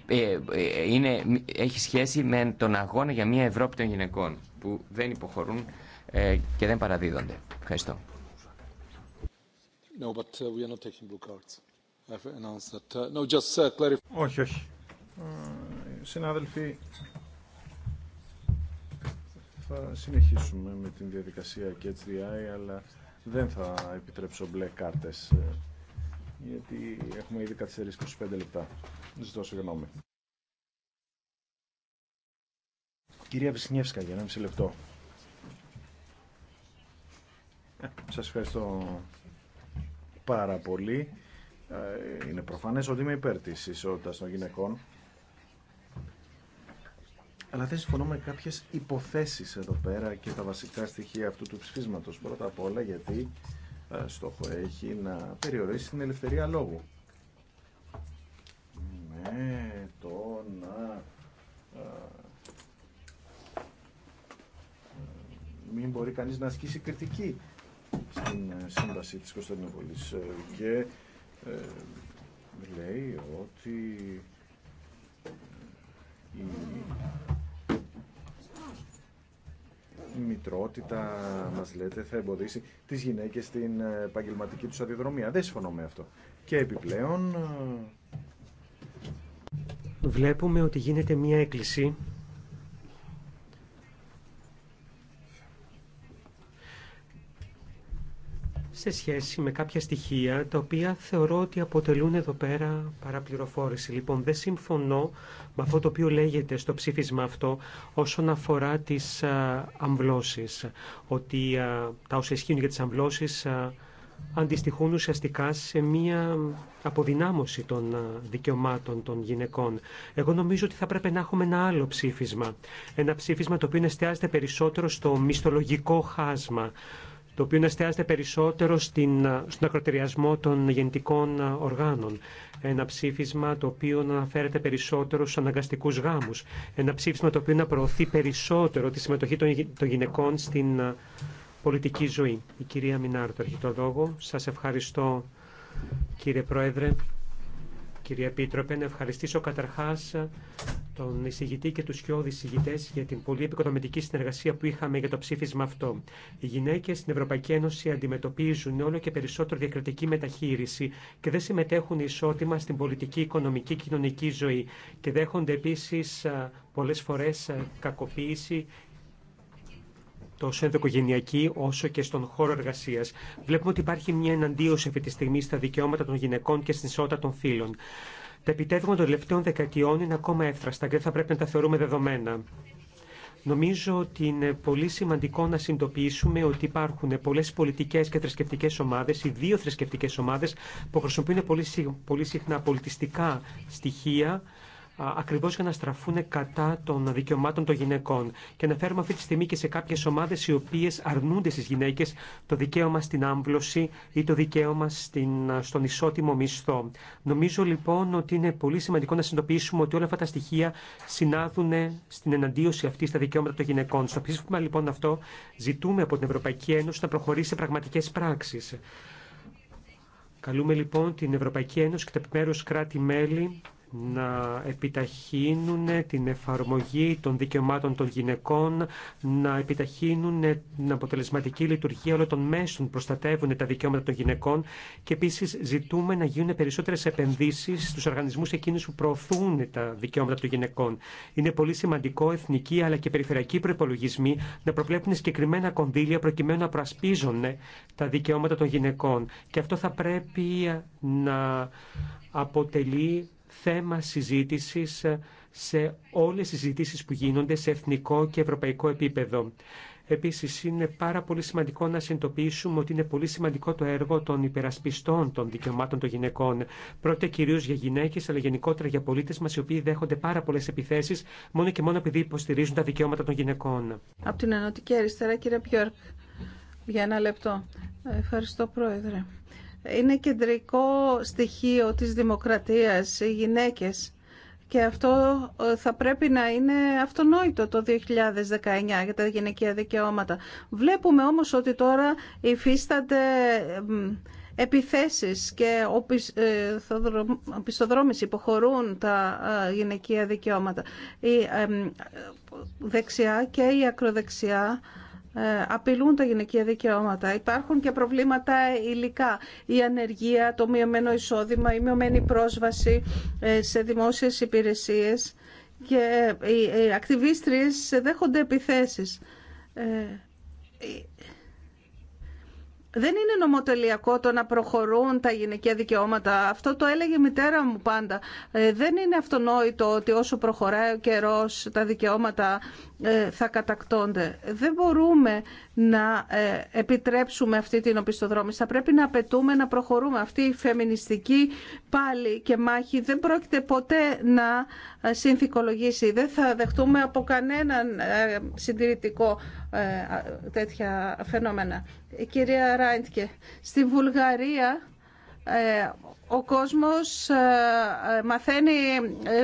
ε, ε, είναι, έχει σχέση με τον αγώνα για μια Ευρώπη των γυναικών που δεν υποχωρούν ε, και δεν παραδίδονται. Ευχαριστώ. No, but uh, we are not taking cards. announced uh, uh, Όχι, όχι. Συνάδελφοι, θα συνεχίσουμε με την διαδικασία και HDI, αλλά δεν θα επιτρέψω μπλε κάρτες γιατί έχουμε ήδη καθυστερήσει 25 λεπτά. Ζητώ συγγνώμη. Κυρία Βυσνιεύσκα, για ένα μισή λεπτό. Σας ευχαριστώ πάρα πολύ. Ε, είναι προφανές ότι είμαι υπέρ της ισότητας των γυναικών. Αλλά δεν συμφωνώ με κάποιες υποθέσεις εδώ πέρα και τα βασικά στοιχεία αυτού του ψηφίσματος. Πρώτα απ' όλα γιατί ε, στόχο έχει να περιορίσει την ελευθερία λόγου. Με το να ε, ε, μην μπορεί κανείς να ασκήσει κριτική στην σύμβαση της Κωνσταντινούπολης και λέει ότι μητρότητα, μα λέτε, θα εμποδίσει τις γυναίκες στην επαγγελματική του αδειοδρομία. Δεν συμφωνώ με αυτό. Και επιπλέον... Ε, Βλέπουμε ότι γίνεται μία έκκληση σε σχέση με κάποια στοιχεία τα οποία θεωρώ ότι αποτελούν εδώ πέρα παραπληροφόρηση. Λοιπόν, δεν συμφωνώ με αυτό το οποίο λέγεται στο ψήφισμα αυτό όσον αφορά τις αμβλώσεις. Ότι τα όσα ισχύουν για τις αμβλώσεις αντιστοιχούν ουσιαστικά σε μία αποδυνάμωση των δικαιωμάτων των γυναικών. Εγώ νομίζω ότι θα πρέπει να έχουμε ένα άλλο ψήφισμα. Ένα ψήφισμα το οποίο εστιάζεται περισσότερο στο μισθολογικό χάσμα, το οποίο εστιάζεται περισσότερο στην, στον ακροτεριασμό των γεννητικών οργάνων. Ένα ψήφισμα το οποίο αναφέρεται περισσότερο στους αναγκαστικούς γάμους. Ένα ψήφισμα το οποίο να προωθεί περισσότερο τη συμμετοχή των γυναικών στην πολιτική ζωή. Η κυρία Μινάρτο έχει το λόγο. Σας ευχαριστώ κύριε Πρόεδρε. Κύριε Επίτροπε, να ευχαριστήσω καταρχάς τον εισηγητή και τους σκιώδη εισηγητές για την πολύ επικοδομητική συνεργασία που είχαμε για το ψήφισμα αυτό. Οι γυναίκες στην Ευρωπαϊκή Ένωση αντιμετωπίζουν όλο και περισσότερο διακριτική μεταχείριση και δεν συμμετέχουν ισότιμα στην πολιτική, οικονομική κοινωνική ζωή και δέχονται επίσης πολλές φορές κακοποίηση τόσο ενδοκογενειακή όσο και στον χώρο εργασία. Βλέπουμε ότι υπάρχει μια εναντίωση αυτή τη στιγμή στα δικαιώματα των γυναικών και στην ισότητα των φίλων. Τα επιτεύγματα των τελευταίων δεκαετιών είναι ακόμα εύθραστα και θα πρέπει να τα θεωρούμε δεδομένα. Νομίζω ότι είναι πολύ σημαντικό να συνειδητοποιήσουμε ότι υπάρχουν πολλέ πολιτικέ και θρησκευτικέ ομάδε, οι δύο θρησκευτικέ ομάδε που χρησιμοποιούν πολύ συχνά πολιτιστικά στοιχεία ακριβώ για να στραφούν κατά των δικαιωμάτων των γυναικών. Και αναφέρουμε αυτή τη στιγμή και σε κάποιε ομάδε οι οποίε αρνούνται στι γυναίκε το δικαίωμα στην άμβλωση ή το δικαίωμα στην, στον ισότιμο μισθό. Νομίζω λοιπόν ότι είναι πολύ σημαντικό να συνειδητοποιήσουμε ότι όλα αυτά τα στοιχεία συνάδουν στην εναντίωση αυτή στα δικαιώματα των γυναικών. Στο ψήφισμα λοιπόν αυτό ζητούμε από την Ευρωπαϊκή Ένωση να προχωρήσει σε πραγματικέ πράξει. Καλούμε λοιπόν την Ευρωπαϊκή Ένωση και τα επιμέρου κράτη-μέλη να επιταχύνουν την εφαρμογή των δικαιωμάτων των γυναικών, να επιταχύνουν την αποτελεσματική λειτουργία όλων των μέσων που προστατεύουν τα δικαιώματα των γυναικών και επίση ζητούμε να γίνουν περισσότερε επενδύσει στου οργανισμού εκείνους που προωθούν τα δικαιώματα των γυναικών. Είναι πολύ σημαντικό εθνικοί αλλά και περιφερειακοί προπολογισμοί να προβλέπουν συγκεκριμένα κονδύλια προκειμένου να προασπίζουν τα δικαιώματα των γυναικών. Και αυτό θα πρέπει να αποτελεί θέμα συζήτησης ε, σε όλες τις συζητήσεις που γίνονται σε εθνικό και ευρωπαϊκό επίπεδο. Επίσης, είναι πάρα πολύ σημαντικό να συνειδητοποιήσουμε ότι είναι πολύ σημαντικό το έργο των υπερασπιστών των δικαιωμάτων των γυναικών. Πρώτα κυρίως για γυναίκες, αλλά γενικότερα για πολίτες μας, οι οποίοι δέχονται πάρα πολλές επιθέσεις, μόνο και μόνο επειδή υποστηρίζουν τα δικαιώματα των γυναικών. Από την Ενωτική Αριστερά, κύριε Πιόρκ, για ένα λεπτό. Ευχαριστώ, Πρόεδρε είναι κεντρικό στοιχείο της δημοκρατίας, οι γυναίκες. Και αυτό ε, θα πρέπει να είναι αυτονόητο το 2019 για τα γυναικεία δικαιώματα. Βλέπουμε όμως ότι τώρα υφίστανται επιθέσεις και ε, οπισθοδρόμηση υποχωρούν τα ε, γυναικεία δικαιώματα. Η δεξιά και η ακροδεξιά ε, απειλούν τα γυναικεία δικαιώματα. Υπάρχουν και προβλήματα υλικά. Η ανεργία, το μειωμένο εισόδημα, η μειωμένη πρόσβαση ε, σε δημόσιες υπηρεσίες και ε, οι ακτιβίστριες δέχονται επιθέσεις. Δεν είναι νομοτελειακό το να προχωρούν τα γυναικεία δικαιώματα. Αυτό το έλεγε η μητέρα μου πάντα. Δεν είναι αυτονόητο ότι όσο προχωράει ο καιρός τα δικαιώματα ε, θα κατακτώνται. Δεν μπορούμε να ε, επιτρέψουμε αυτή την οπισθοδρόμηση. Θα πρέπει να απαιτούμε να προχωρούμε. Αυτή η φεμινιστική πάλι και μάχη δεν πρόκειται ποτέ να ε, συνθηκολογήσει. Δεν θα δεχτούμε από κανέναν συντηρητικό τέτοια φαινόμενα. Η κυρία Ράιντκε, στη Βουλγαρία ε, ο κόσμος ε, ε, μαθαίνει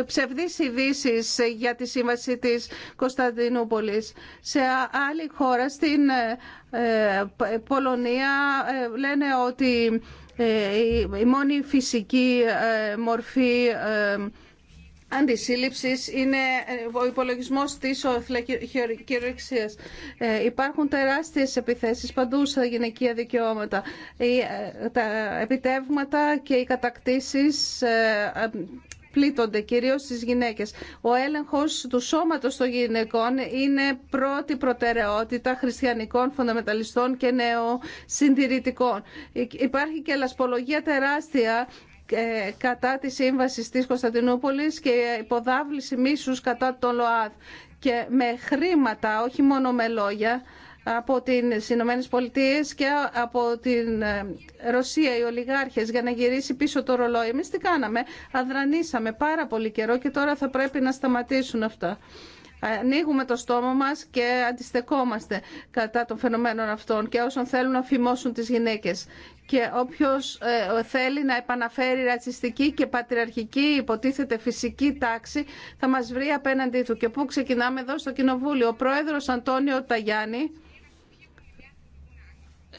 ψευδείς ειδήσει για τη σύμβαση της Κωνσταντινούπολης. Σε άλλη χώρα, στην Πολωνία, λένε ότι η μόνη φυσική μορφή αντισύλληψης είναι ε, ο υπολογισμός της οφλακυρωξία. Ε, υπάρχουν τεράστιε επιθέσει παντού στα γυναικεία δικαιώματα. Ε, τα επιτεύγματα και οι κατακτήσεις ε, πλήττονται κυρίως στις γυναίκες. Ο έλεγχος του σώματος των γυναικών είναι πρώτη προτεραιότητα χριστιανικών φονταμεταλιστών και νεοσυντηρητικών. Υπάρχει και λασπολογία τεράστια ε, κατά τη σύμβαση της Κωνσταντινούπολης και υποδάβληση μίσους κατά τον ΛΟΑΔ και με χρήματα, όχι μόνο με λόγια, από την Ηνωμένε Πολιτείε και από την ε, Ρωσία οι ολιγάρχες για να γυρίσει πίσω το ρολόι. Εμείς τι κάναμε, αδρανίσαμε πάρα πολύ καιρό και τώρα θα πρέπει να σταματήσουν αυτά ανοίγουμε το στόμα μας και αντιστεκόμαστε κατά των φαινομένων αυτών και όσων θέλουν να φημώσουν τις γυναίκες. Και όποιος ε, θέλει να επαναφέρει ρατσιστική και πατριαρχική υποτίθεται φυσική τάξη θα μας βρει απέναντί του. Και πού ξεκινάμε εδώ στο Κοινοβούλιο. Ο πρόεδρος Αντώνιο Ταγιάννη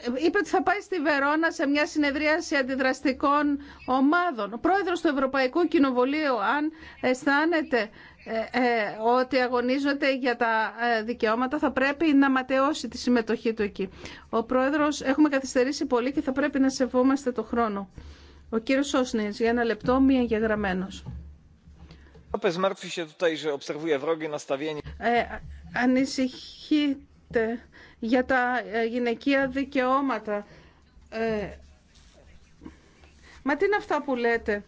ε, είπε ότι θα πάει στη Βερόνα σε μια συνεδρίαση αντιδραστικών ομάδων. Ο πρόεδρος του Ευρωπαϊκού Κοινοβουλίου, αν αισθάνεται ε, ε, ότι αγωνίζονται για τα ε, δικαιώματα θα πρέπει να ματαιώσει τη συμμετοχή του εκεί. Ο Πρόεδρος, έχουμε καθυστερήσει πολύ και θα πρέπει να σεβόμαστε το χρόνο. Ο κύριος Σόσνης, για ένα λεπτό, μη εγγεγραμμένος. Ε, ανησυχείτε για τα γυναικεία δικαιώματα. μα τι είναι αυτά που λέτε.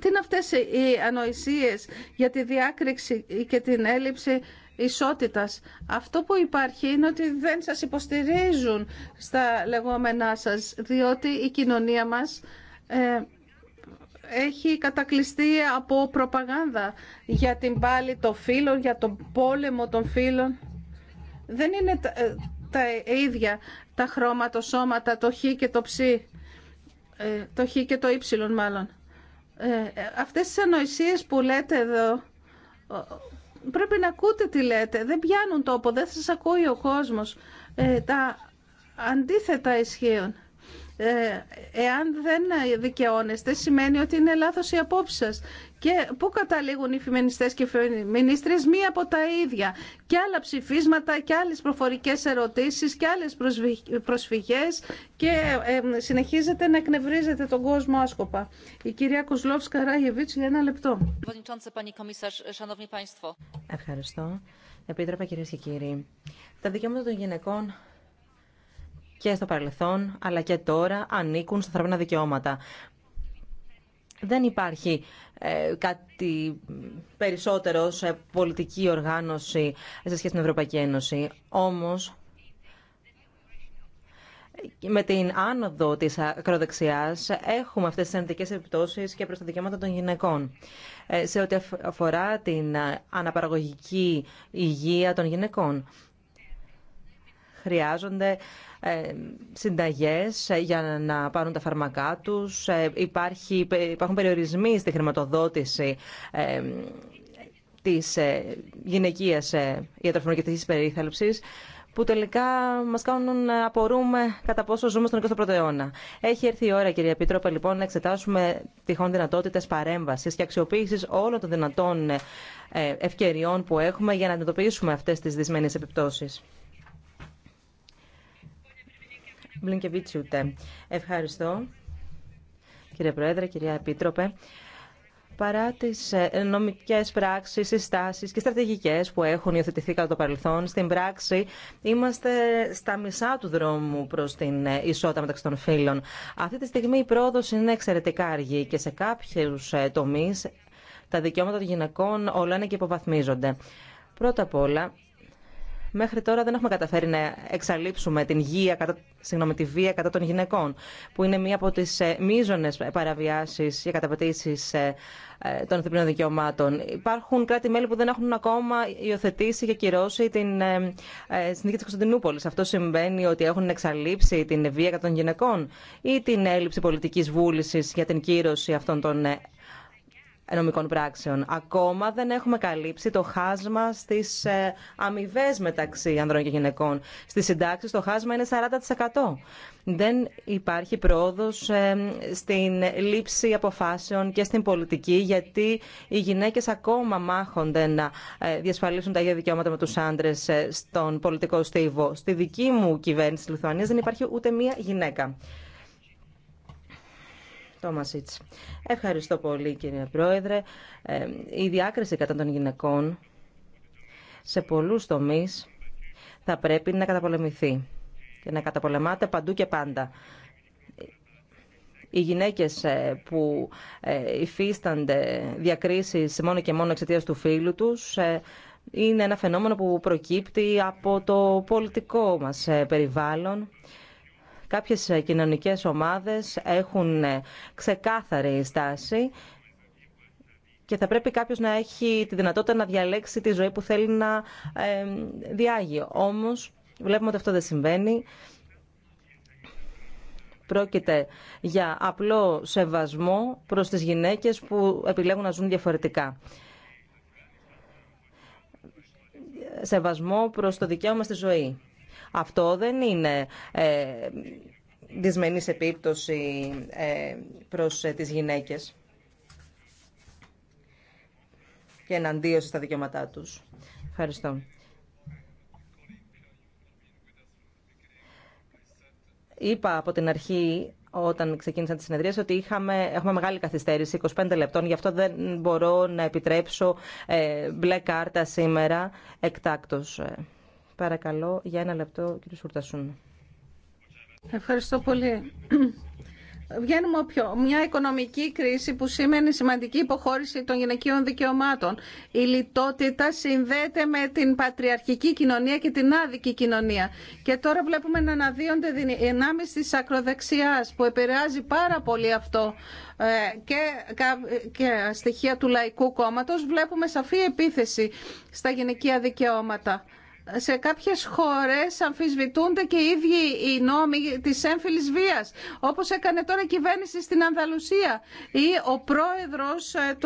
Τι είναι αυτές οι ανοησίες για τη διάκριξη και την έλλειψη ισότητας. Αυτό που υπάρχει είναι ότι δεν σας υποστηρίζουν στα λεγόμενά σας, διότι η κοινωνία μας ε, έχει κατακλειστεί από προπαγάνδα για την πάλη των φίλων, για τον πόλεμο των φίλων. Δεν είναι τα, ε, τα ίδια τα χρώματα, σώματα, το χ και το ψ, ε, το χ και το ύψιλον μάλλον. Ε, αυτές τις ανοησίες που λέτε εδώ, πρέπει να ακούτε τι λέτε. Δεν πιάνουν τόπο, δεν σας ακούει ο κόσμος. Ε, τα αντίθετα ισχύουν. Ε, εάν δεν δικαιώνεστε, σημαίνει ότι είναι λάθος η απόψη σας. Και πού καταλήγουν οι φιμενιστές και οι μία από τα ίδια. Και άλλα ψηφίσματα και άλλες προφορικές ερωτήσεις και άλλες προσφυγές και συνεχίζεται να εκνευρίζεται τον κόσμο άσκοπα. Η κυρία Κουσλόφσκα Ράγεβιτς για ένα λεπτό. Ευχαριστώ. Επίτροπα κυρίες και κύριοι. Τα δικαιώματα των γυναικών και στο παρελθόν αλλά και τώρα ανήκουν στα ανθρώπινα δικαιώματα. Δεν υπάρχει ε, κάτι περισσότερο σε πολιτική οργάνωση σε σχέση με την Ευρωπαϊκή Ένωση. Όμως, με την άνοδο της ακροδεξιάς έχουμε αυτές τις αρνητικές επιπτώσεις και προς τα δικαιώματα των γυναικών. Ε, σε ό,τι αφορά την ε, αναπαραγωγική υγεία των γυναικών. Χρειάζονται ε, συνταγές ε, για να πάρουν τα φαρμακά τους. Ε, υπάρχει, υπάρχουν περιορισμοί στη χρηματοδότηση της γυναικείας ιατροφαρμακευτικής περίθαλψης που τελικά μα κάνουν να απορούμε κατά πόσο ζούμε στον 21ο αιώνα. Έχει έρθει η ώρα, κυρία Επίτροπε, λοιπόν, να εξετάσουμε τυχόν δυνατότητε παρέμβαση και αξιοποίηση όλων των δυνατών ευκαιριών που έχουμε για να αντιμετωπίσουμε αυτέ τι δυσμένε επιπτώσει. Ευχαριστώ, κύριε Πρόεδρε, κυρία Επίτροπε παρά τι ε, νομικέ πράξει, συστάσει και στρατηγικέ που έχουν υιοθετηθεί κατά το παρελθόν, στην πράξη είμαστε στα μισά του δρόμου προ την ε, ισότητα μεταξύ των φύλων. Αυτή τη στιγμή η πρόοδο είναι εξαιρετικά αργή και σε κάποιου ε, τομεί τα δικαιώματα των γυναικών όλα είναι και υποβαθμίζονται. Πρώτα απ' όλα, Μέχρι τώρα δεν έχουμε καταφέρει να εξαλείψουμε την γία κατά, τη βία κατά των γυναικών, που είναι μία από τι ε, μείζονε παραβιάσει και καταπατήσει ε, ε, των ανθρωπίνων δικαιωμάτων. Υπάρχουν κράτη-μέλη που δεν έχουν ακόμα υιοθετήσει και κυρώσει την Συνδίκη τη Κωνσταντινούπολη. Αυτό συμβαίνει ότι έχουν εξαλείψει την βία κατά των γυναικών ή την έλλειψη πολιτική βούληση για την κύρωση αυτών των νομικών πράξεων. Ακόμα δεν έχουμε καλύψει το χάσμα στι ε, αμοιβέ μεταξύ ανδρών και γυναικών. Στι συντάξει το χάσμα είναι 40%. Δεν υπάρχει πρόοδο ε, στην λήψη αποφάσεων και στην πολιτική, γιατί οι γυναίκε ακόμα μάχονται να ε, διασφαλίσουν τα ίδια δικαιώματα με του άντρε στον πολιτικό στίβο. Στη δική μου κυβέρνηση τη Λιθουανία δεν υπάρχει ούτε μία γυναίκα. Τόμασιτς. Ευχαριστώ πολύ κύριε Πρόεδρε. Ε, η διάκριση κατά των γυναικών σε πολλούς τομείς θα πρέπει να καταπολεμηθεί και να καταπολεμάται παντού και πάντα. Οι γυναίκες ε, που ε, υφίστανται διακρίσεις μόνο και μόνο εξαιτία του φίλου τους είναι ένα φαινόμενο που προκύπτει από το πολιτικό μας περιβάλλον Κάποιες ε, κοινωνικές ομάδες έχουν ε, ξεκάθαρη στάση και θα πρέπει κάποιος να έχει τη δυνατότητα να διαλέξει τη ζωή που θέλει να ε, διάγει. Όμως βλέπουμε ότι αυτό δεν συμβαίνει. Πρόκειται για απλό σεβασμό προς τις γυναίκες που επιλέγουν να ζουν διαφορετικά. Σεβασμό προς το δικαίωμα στη ζωή. Αυτό δεν είναι ε, δυσμενής επίπτωση ε, προς ε, τις γυναίκες και εναντίωση στα δικαιώματά τους. Ευχαριστώ. Είπα από την αρχή όταν ξεκίνησαν τις συνεδρίες ότι είχαμε, έχουμε μεγάλη καθυστέρηση, 25 λεπτών, γι' αυτό δεν μπορώ να επιτρέψω ε, μπλε κάρτα σήμερα εκτάκτως. Ε. Παρακαλώ, για ένα λεπτό, κύριε Σουρτασούν. Ευχαριστώ πολύ. Βγαίνουμε πιο. μια οικονομική κρίση που σημαίνει σημαντική υποχώρηση των γυναικείων δικαιωμάτων. Η λιτότητα συνδέεται με την πατριαρχική κοινωνία και την άδικη κοινωνία. Και τώρα βλέπουμε να αναδύονται δυνάμεις της ακροδεξιάς που επηρεάζει πάρα πολύ αυτό ε, και στοιχεία του Λαϊκού Κόμματος. Βλέπουμε σαφή επίθεση στα γυναικεία δικαιώματα σε κάποιες χώρες αμφισβητούνται και οι ίδιοι οι νόμοι της έμφυλης βίας, όπως έκανε τώρα η κυβέρνηση στην Ανδαλουσία ή ο πρόεδρος ε,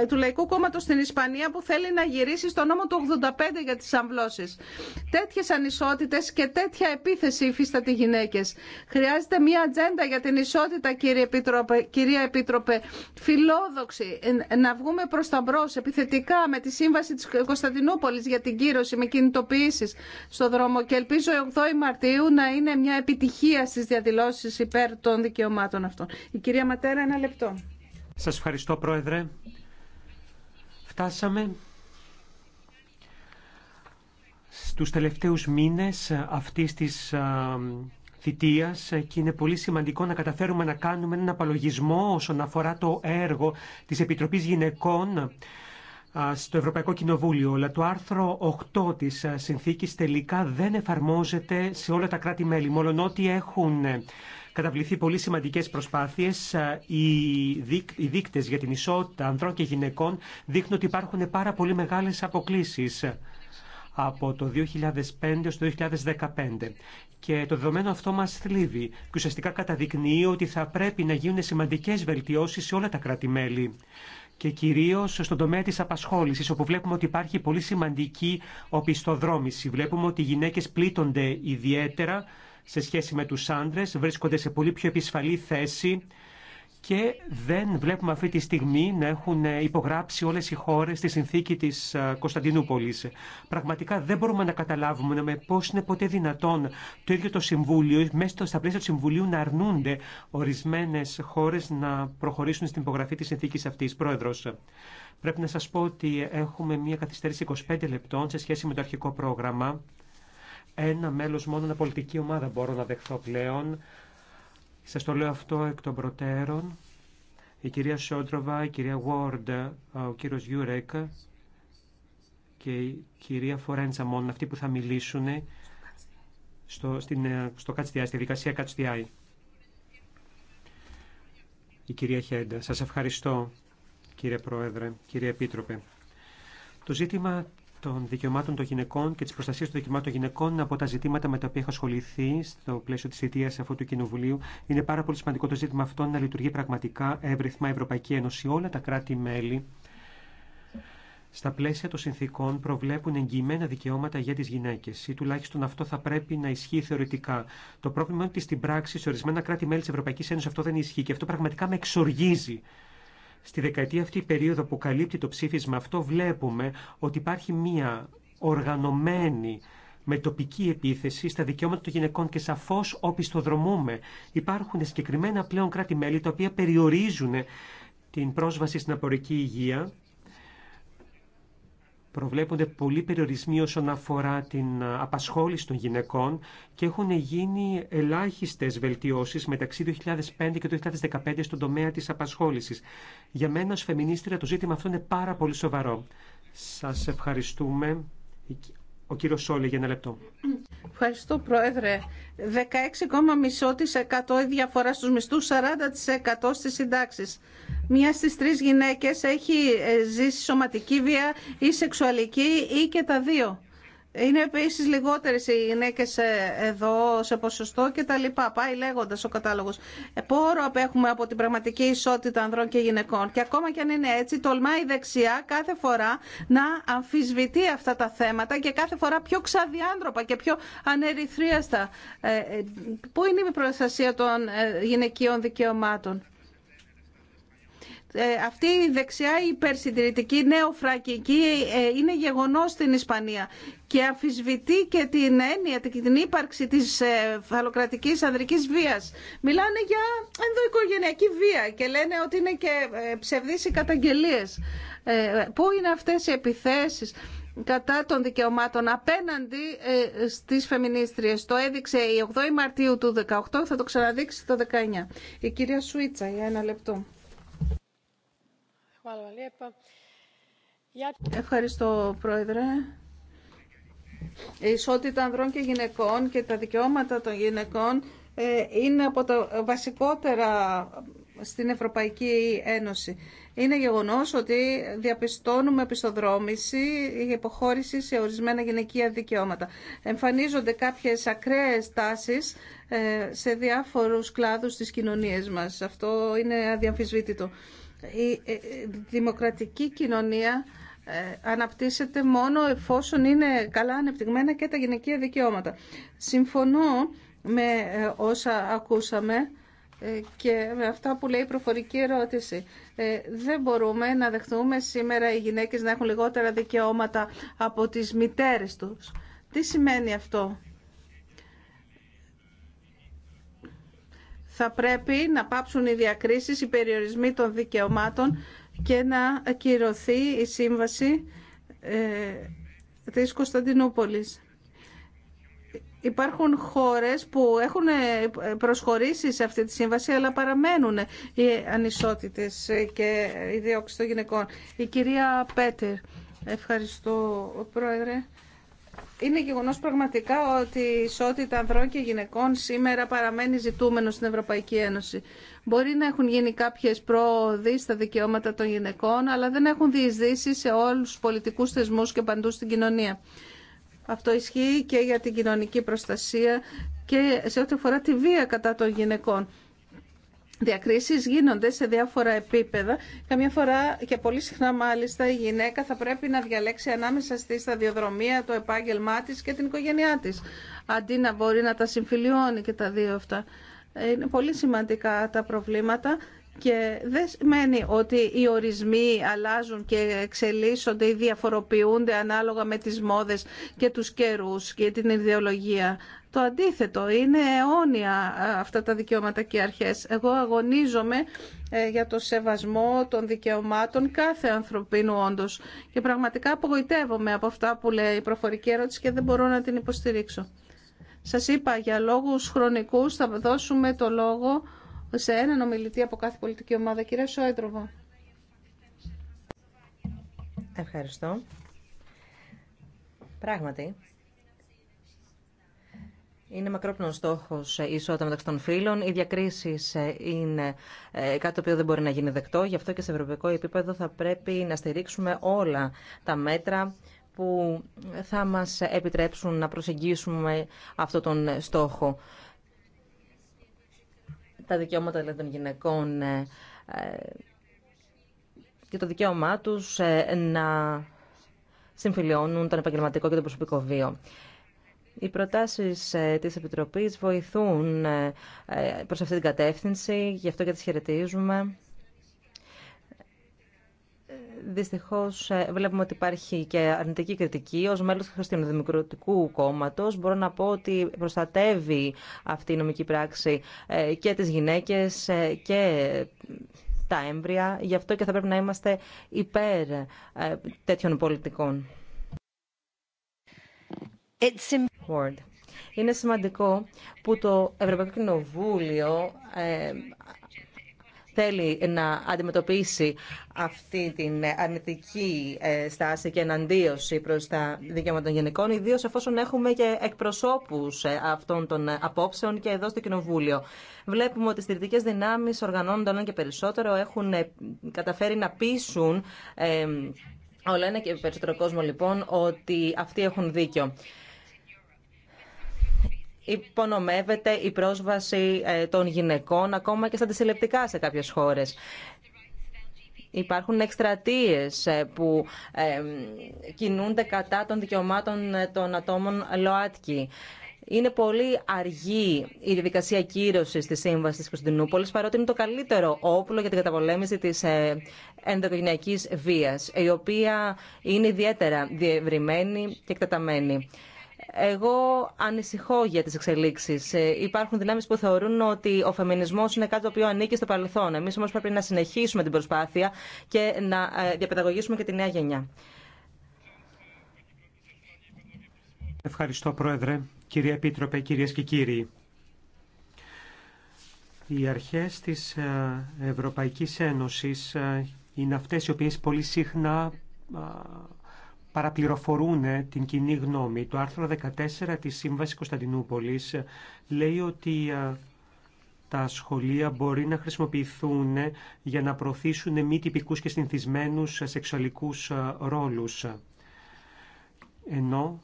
ε, του Λαϊκού Κόμματος στην Ισπανία που θέλει να γυρίσει στο νόμο του 85 για τις αμβλώσεις. Τέτοιες ανισότητες και τέτοια επίθεση υφίσταται γυναίκες. Χρειάζεται μια ατζέντα για την ισότητα, κύριε Επίτροπε, κυρία Επίτροπε, φιλόδοξη, ε, να βγούμε προς τα μπρος επιθετικά με τη Σύμβαση της Κωνσταντινούπολης για την κύρωση με κινητοποίηση κινητοποιήσει στο δρόμο και ελπίζω 8 Μαρτίου να είναι μια επιτυχία στις διαδηλώσεις υπέρ των δικαιωμάτων αυτών. Η κυρία Ματέρα, ένα λεπτό. Σας ευχαριστώ Πρόεδρε. Φτάσαμε στους τελευταίους μήνες αυτής της θητείας και είναι πολύ σημαντικό να καταφέρουμε να κάνουμε έναν απαλογισμό όσον αφορά το έργο της Επιτροπής Γυναικών στο Ευρωπαϊκό Κοινοβούλιο, αλλά το άρθρο 8 της συνθήκης τελικά δεν εφαρμόζεται σε όλα τα κράτη-μέλη, μόλον ότι έχουν ε, καταβληθεί πολύ σημαντικές προσπάθειες. Οι δείκτες για την ισότητα ανδρών και γυναικών δείχνουν ότι υπάρχουν πάρα πολύ μεγάλες αποκλήσεις ε, από το 2005 έως το 2015. Και το δεδομένο αυτό μας θλίβει και ουσιαστικά καταδεικνύει ότι θα πρέπει να γίνουν σημαντικές βελτιώσεις σε όλα τα κράτη-μέλη και κυρίως στον τομέα τη απασχόληση, όπου βλέπουμε ότι υπάρχει πολύ σημαντική οπισθοδρόμηση. Βλέπουμε ότι οι γυναίκες πλήττονται ιδιαίτερα σε σχέση με τους άντρε, βρίσκονται σε πολύ πιο επισφαλή θέση και δεν βλέπουμε αυτή τη στιγμή να έχουν υπογράψει όλες οι χώρες τη συνθήκη της ε, Κωνσταντινούπολης. Πραγματικά δεν μπορούμε να καταλάβουμε με πώς είναι ποτέ δυνατόν το ίδιο το Συμβούλιο, μέσα στα πλαίσια του Συμβουλίου να αρνούνται ορισμένες χώρες να προχωρήσουν στην υπογραφή της συνθήκης αυτής. Πρόεδρος, πρέπει να σας πω ότι έχουμε μια καθυστέρηση 25 λεπτών σε σχέση με το αρχικό πρόγραμμα. Ένα μέλος μόνο, μια πολιτική ομάδα μπορώ να δεχθώ πλέον. Σας το λέω αυτό εκ των προτέρων. Η κυρία Σόντροβα, η κυρία Γουόρντ, ο κύριος Γιούρεκ και η κυρία Φορέντσα μόνο, αυτοί που θα μιλήσουν στο, στην, στο στη δικασία Κατστιάι. Η κυρία Χέντα, σας ευχαριστώ κύριε Πρόεδρε, κύριε Επίτροπε. Το ζήτημα των δικαιωμάτων των γυναικών και τη προστασία των δικαιωμάτων των γυναικών από τα ζητήματα με τα οποία έχω ασχοληθεί στο πλαίσιο τη θητεία αυτού του Κοινοβουλίου. Είναι πάρα πολύ σημαντικό το ζήτημα αυτό να λειτουργεί πραγματικά εύρυθμα Ευρωπαϊκή Ένωση. Όλα τα κράτη-μέλη στα πλαίσια των συνθήκων προβλέπουν εγγυημένα δικαιώματα για τι γυναίκε ή τουλάχιστον αυτό θα πρέπει να ισχύει θεωρητικά. Το πρόβλημα είναι ότι στην πράξη σε ορισμένα κράτη-μέλη τη Ευρωπαϊκή Ένωση αυτό δεν ισχύει και αυτό πραγματικά με εξοργίζει. Στη δεκαετία αυτή περίοδο που καλύπτει το ψήφισμα αυτό βλέπουμε ότι υπάρχει μία οργανωμένη με τοπική επίθεση στα δικαιώματα των γυναικών και σαφώ οπισθοδρομούμε. Υπάρχουν συγκεκριμένα πλέον κράτη-μέλη τα οποία περιορίζουν την πρόσβαση στην απορική υγεία προβλέπονται πολλοί περιορισμοί όσον αφορά την απασχόληση των γυναικών και έχουν γίνει ελάχιστες βελτιώσεις μεταξύ του 2005 και του 2015 στον τομέα της απασχόλησης. Για μένα ως φεμινίστρια το ζήτημα αυτό είναι πάρα πολύ σοβαρό. Σας ευχαριστούμε. Ο κύριο Σόλη για ένα λεπτό. Ευχαριστώ Πρόεδρε. 16,5% η διαφορά στους μισθούς, 40% στις συντάξεις. Μία στις τρεις γυναίκες έχει ε, ζήσει σωματική βία ή σεξουαλική ή και τα δύο. Είναι επίση λιγότερε οι γυναίκες ε, εδώ σε ποσοστό και τα λοιπά. Πάει λέγοντα ο κατάλογος. Ε, πόρο απέχουμε από την πραγματική ισότητα ανδρών και γυναικών. Και ακόμα και αν είναι έτσι, τολμάει η δεξιά κάθε φορά να αμφισβητεί αυτά τα θέματα και κάθε φορά πιο ξαδιάντροπα και πιο ανερυθρίαστα. Ε, πού είναι η προστασία των γυναικείων δικαιωμάτων. Ε, αυτή η δεξιά υπερσυντηρητική νεοφρακική ε, είναι γεγονός στην Ισπανία και αμφισβητεί και την έννοια, την ύπαρξη της φαλοκρατικής ε, ανδρικής βίας. Μιλάνε για ενδοοικογενειακή βία και λένε ότι είναι και ψευδείς οι καταγγελίες. Πού είναι αυτές οι επιθέσεις κατά των δικαιωμάτων απέναντι στις φεμινίστριες. Το έδειξε η 8η Μαρτίου του 18, θα το ξαναδείξει το 19. Η κυρία Σουίτσα για ένα λεπτό. Ευχαριστώ, Πρόεδρε. Η ισότητα ανδρών και γυναικών και τα δικαιώματα των γυναικών ε, είναι από τα βασικότερα στην Ευρωπαϊκή Ένωση. Είναι γεγονός ότι διαπιστώνουμε επιστοδρόμηση η υποχώρηση σε ορισμένα γυναικεία δικαιώματα. Εμφανίζονται κάποιες ακραίες τάσεις ε, σε διάφορους κλάδους της κοινωνίας μας. Αυτό είναι αδιαμφισβήτητο. Η ε, ε, δημοκρατική κοινωνία ε, αναπτύσσεται μόνο εφόσον είναι καλά ανεπτυγμένα και τα γυναικεία δικαιώματα. Συμφωνώ με όσα ακούσαμε και με αυτά που λέει η προφορική ερώτηση. Δεν μπορούμε να δεχτούμε σήμερα οι γυναίκες να έχουν λιγότερα δικαιώματα από τις μητέρες τους. Τι σημαίνει αυτό. θα πρέπει να πάψουν οι διακρίσεις, οι περιορισμοί των δικαιωμάτων και να ακυρωθεί η σύμβαση ε, της Κωνσταντινούπολης. Υπάρχουν χώρες που έχουν ε, προσχωρήσει σε αυτή τη σύμβαση, αλλά παραμένουν οι ανισότητες και οι διώξεις των γυναικών. Η κυρία Πέτερ, ευχαριστώ πρόεδρε είναι γεγονό πραγματικά ότι η ισότητα ανδρών και γυναικών σήμερα παραμένει ζητούμενο στην Ευρωπαϊκή Ένωση. Μπορεί να έχουν γίνει κάποιες πρόοδοι στα δικαιώματα των γυναικών, αλλά δεν έχουν διεισδύσει σε όλους τους πολιτικούς θεσμού και παντού στην κοινωνία. Αυτό ισχύει και για την κοινωνική προστασία και σε ό,τι αφορά τη βία κατά των γυναικών. Διακρίσει γίνονται σε διάφορα επίπεδα. Καμιά φορά και πολύ συχνά μάλιστα η γυναίκα θα πρέπει να διαλέξει ανάμεσα στη σταδιοδρομία, το επάγγελμά τη και την οικογένειά τη. Αντί να μπορεί να τα συμφιλιώνει και τα δύο αυτά. Ε, είναι πολύ σημαντικά τα προβλήματα και δεν σημαίνει ότι οι ορισμοί αλλάζουν και εξελίσσονται ή διαφοροποιούνται ανάλογα με τις μόδες και τους καιρούς και την ιδεολογία. Το αντίθετο, είναι αιώνια αυτά τα δικαιώματα και αρχές. Εγώ αγωνίζομαι ε, για το σεβασμό των δικαιωμάτων κάθε ανθρωπίνου όντως. Και πραγματικά απογοητεύομαι από αυτά που λέει η προφορική ερώτηση και δεν μπορώ να την υποστηρίξω. Σας είπα, για λόγους χρονικούς θα δώσουμε το λόγο σε έναν ομιλητή από κάθε πολιτική ομάδα. Κυρία Σόεντροβα. Ευχαριστώ. Πράγματι, είναι μακρόπνο στόχο η ισότητα μεταξύ των φύλων. Οι διακρίσει ε, είναι ε, κάτι το οποίο δεν μπορεί να γίνει δεκτό. Γι' αυτό και σε ευρωπαϊκό επίπεδο θα πρέπει να στηρίξουμε όλα τα μέτρα που θα μας επιτρέψουν να προσεγγίσουμε αυτόν τον στόχο τα δικαιώματα δηλαδή, των γυναικών ε, ε, και το δικαίωμά τους ε, να συμφιλιώνουν τον επαγγελματικό και τον προσωπικό βίο. Οι προτάσεις της Επιτροπής βοηθούν προς αυτή την κατεύθυνση, γι' αυτό και τις χαιρετίζουμε. Δυστυχώ ε, βλέπουμε ότι υπάρχει και αρνητική κριτική. Ως μέλος του Χριστιανοδημοκρατικού κόμματο. μπορώ να πω ότι προστατεύει αυτή η νομική πράξη ε, και τις γυναίκες ε, και τα έμβρια. Γι' αυτό και θα πρέπει να είμαστε υπέρ τέτοιων πολιτικών. It's είναι σημαντικό που το Ευρωπαϊκό Κοινοβούλιο θέλει να αντιμετωπίσει αυτή την αρνητική ε, στάση και εναντίωση προ τα δικαιώματα των γενικών, ιδίω εφόσον έχουμε και εκπροσώπου ε, αυτών των απόψεων και εδώ στο Κοινοβούλιο. Βλέπουμε ότι οι στηρητικέ δυνάμει οργανώνονται όλο και περισσότερο, έχουν ε, καταφέρει να πείσουν. όλα ένα και περισσότερο κόσμο λοιπόν ότι αυτοί έχουν δίκιο υπονομεύεται η πρόσβαση ε, των γυναικών ακόμα και στα αντισυλλεπτικά σε κάποιες χώρες. Υπάρχουν εκστρατείε ε, που ε, κινούνται κατά των δικαιωμάτων των ατόμων ΛΟΑΤΚΙ. Είναι πολύ αργή η διαδικασία κύρωση τη Σύμβαση τη Κωνσταντινούπολη, παρότι είναι το καλύτερο όπλο για την καταπολέμηση τη ενδοκινιακή βία, η οποία είναι ιδιαίτερα διευρυμένη και εκτεταμένη. Εγώ ανησυχώ για τις εξελίξεις. Ε, υπάρχουν δυνάμει που θεωρούν ότι ο φεμινισμός είναι κάτι το οποίο ανήκει στο παρελθόν. Εμείς όμως πρέπει να συνεχίσουμε την προσπάθεια και να ε, διαπαιδαγωγήσουμε και τη νέα γενιά. Ευχαριστώ Πρόεδρε, κυρία Επίτροπε, κυρίες και κύριοι. Οι αρχές της ε, Ευρωπαϊκής Ένωσης είναι αυτές οι οποίες πολύ συχνά παραπληροφορούν ε, την κοινή γνώμη. Το άρθρο 14 της Σύμβασης Κωνσταντινούπολης ε, λέει ότι ε, τα σχολεία μπορεί να χρησιμοποιηθούν για να προωθήσουν μη τυπικούς και συνθισμένους σεξουαλικούς ρόλους. Ενώ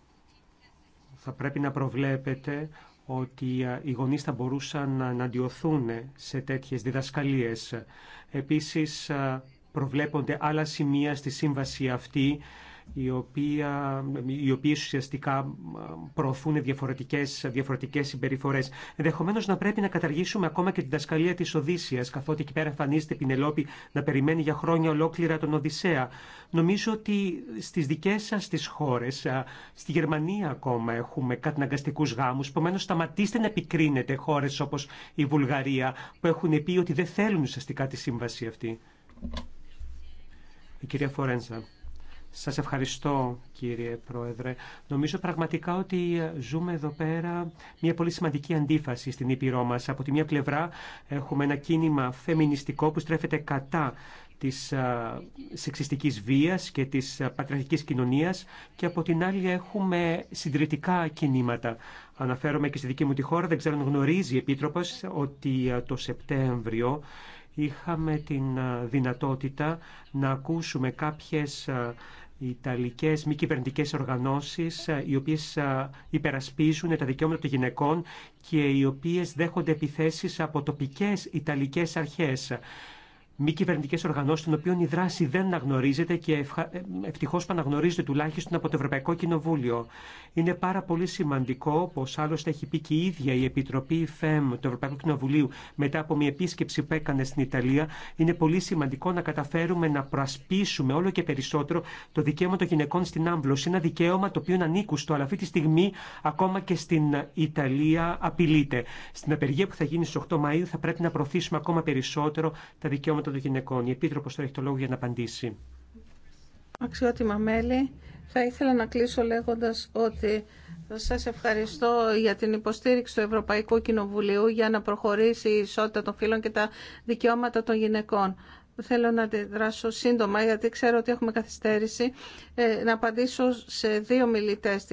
θα πρέπει να προβλέπετε ότι οι γονείς θα μπορούσαν να αντιωθούν σε τέτοιες διδασκαλίες. Επίσης προβλέπονται άλλα σημεία στη σύμβαση αυτή οι, οποία, οι οποίες ουσιαστικά προωθούν διαφορετικές, διαφορετικές συμπεριφορές. Ενδεχομένως να πρέπει να καταργήσουμε ακόμα και την δασκαλία της Οδύσσιας, καθότι εκεί πέρα εμφανίζεται η Πινελόπη να περιμένει για χρόνια ολόκληρα τον Οδυσσέα. Νομίζω ότι στις δικές σας τις χώρες, στη Γερμανία ακόμα έχουμε καταναγκαστικούς γάμους, επομένω σταματήστε να επικρίνετε χώρες όπως η Βουλγαρία, που έχουν πει ότι δεν θέλουν ουσιαστικά τη σύμβαση αυτή. Η κυρία Φορένσα. Σας ευχαριστώ κύριε Πρόεδρε. Νομίζω πραγματικά ότι ζούμε εδώ πέρα μια πολύ σημαντική αντίφαση στην Ήπειρό μας. Από τη μια πλευρά έχουμε ένα κίνημα φεμινιστικό που στρέφεται κατά της σεξιστικής βίας και της πατριαρχικής κοινωνίας και από την άλλη έχουμε συντηρητικά κινήματα. Αναφέρομαι και στη δική μου τη χώρα, δεν ξέρω αν γνωρίζει η Επίτροπος, ότι το Σεπτέμβριο είχαμε την ε, δυνατότητα να ακούσουμε κάποιες ε, Ιταλικές μη κυβερνητικέ οργανώσεις ε, οι οποίες υπερασπίζουν τα δικαιώματα των γυναικών και οι οποίες δέχονται επιθέσεις από τοπικές Ιταλικές αρχές μη κυβερνητικέ οργανώσει, των οποίων η δράση δεν αναγνωρίζεται και ε, ευτυχώ που τουλάχιστον από το Ευρωπαϊκό Κοινοβούλιο. Είναι πάρα πολύ σημαντικό, όπω άλλωστε έχει πει και η ίδια η Επιτροπή ΦΕΜ του Ευρωπαϊκού Κοινοβουλίου μετά από μια επίσκεψη που έκανε στην Ιταλία, είναι πολύ σημαντικό να καταφέρουμε να προασπίσουμε όλο και περισσότερο το δικαίωμα των γυναικών στην άμβλωση. Ένα δικαίωμα το οποίο ανήκουστο, αλλά αυτή τη στιγμή ακόμα και στην Ιταλία απειλείται. Στην απεργία που θα γίνει στι 8 Μαου θα πρέπει να προωθήσουμε ακόμα περισσότερο τα δικαιώματα των γυναικών. Η Επίτροπο τώρα έχει το λόγο για να απαντήσει. Αξιότιμα μέλη, θα ήθελα να κλείσω λέγοντας ότι σας ευχαριστώ για την υποστήριξη του Ευρωπαϊκού Κοινοβουλίου για να προχωρήσει η ισότητα των φύλων και τα δικαιώματα των γυναικών. Θέλω να αντιδράσω σύντομα, γιατί ξέρω ότι έχουμε καθυστέρηση, ε, να απαντήσω σε δύο μιλητές.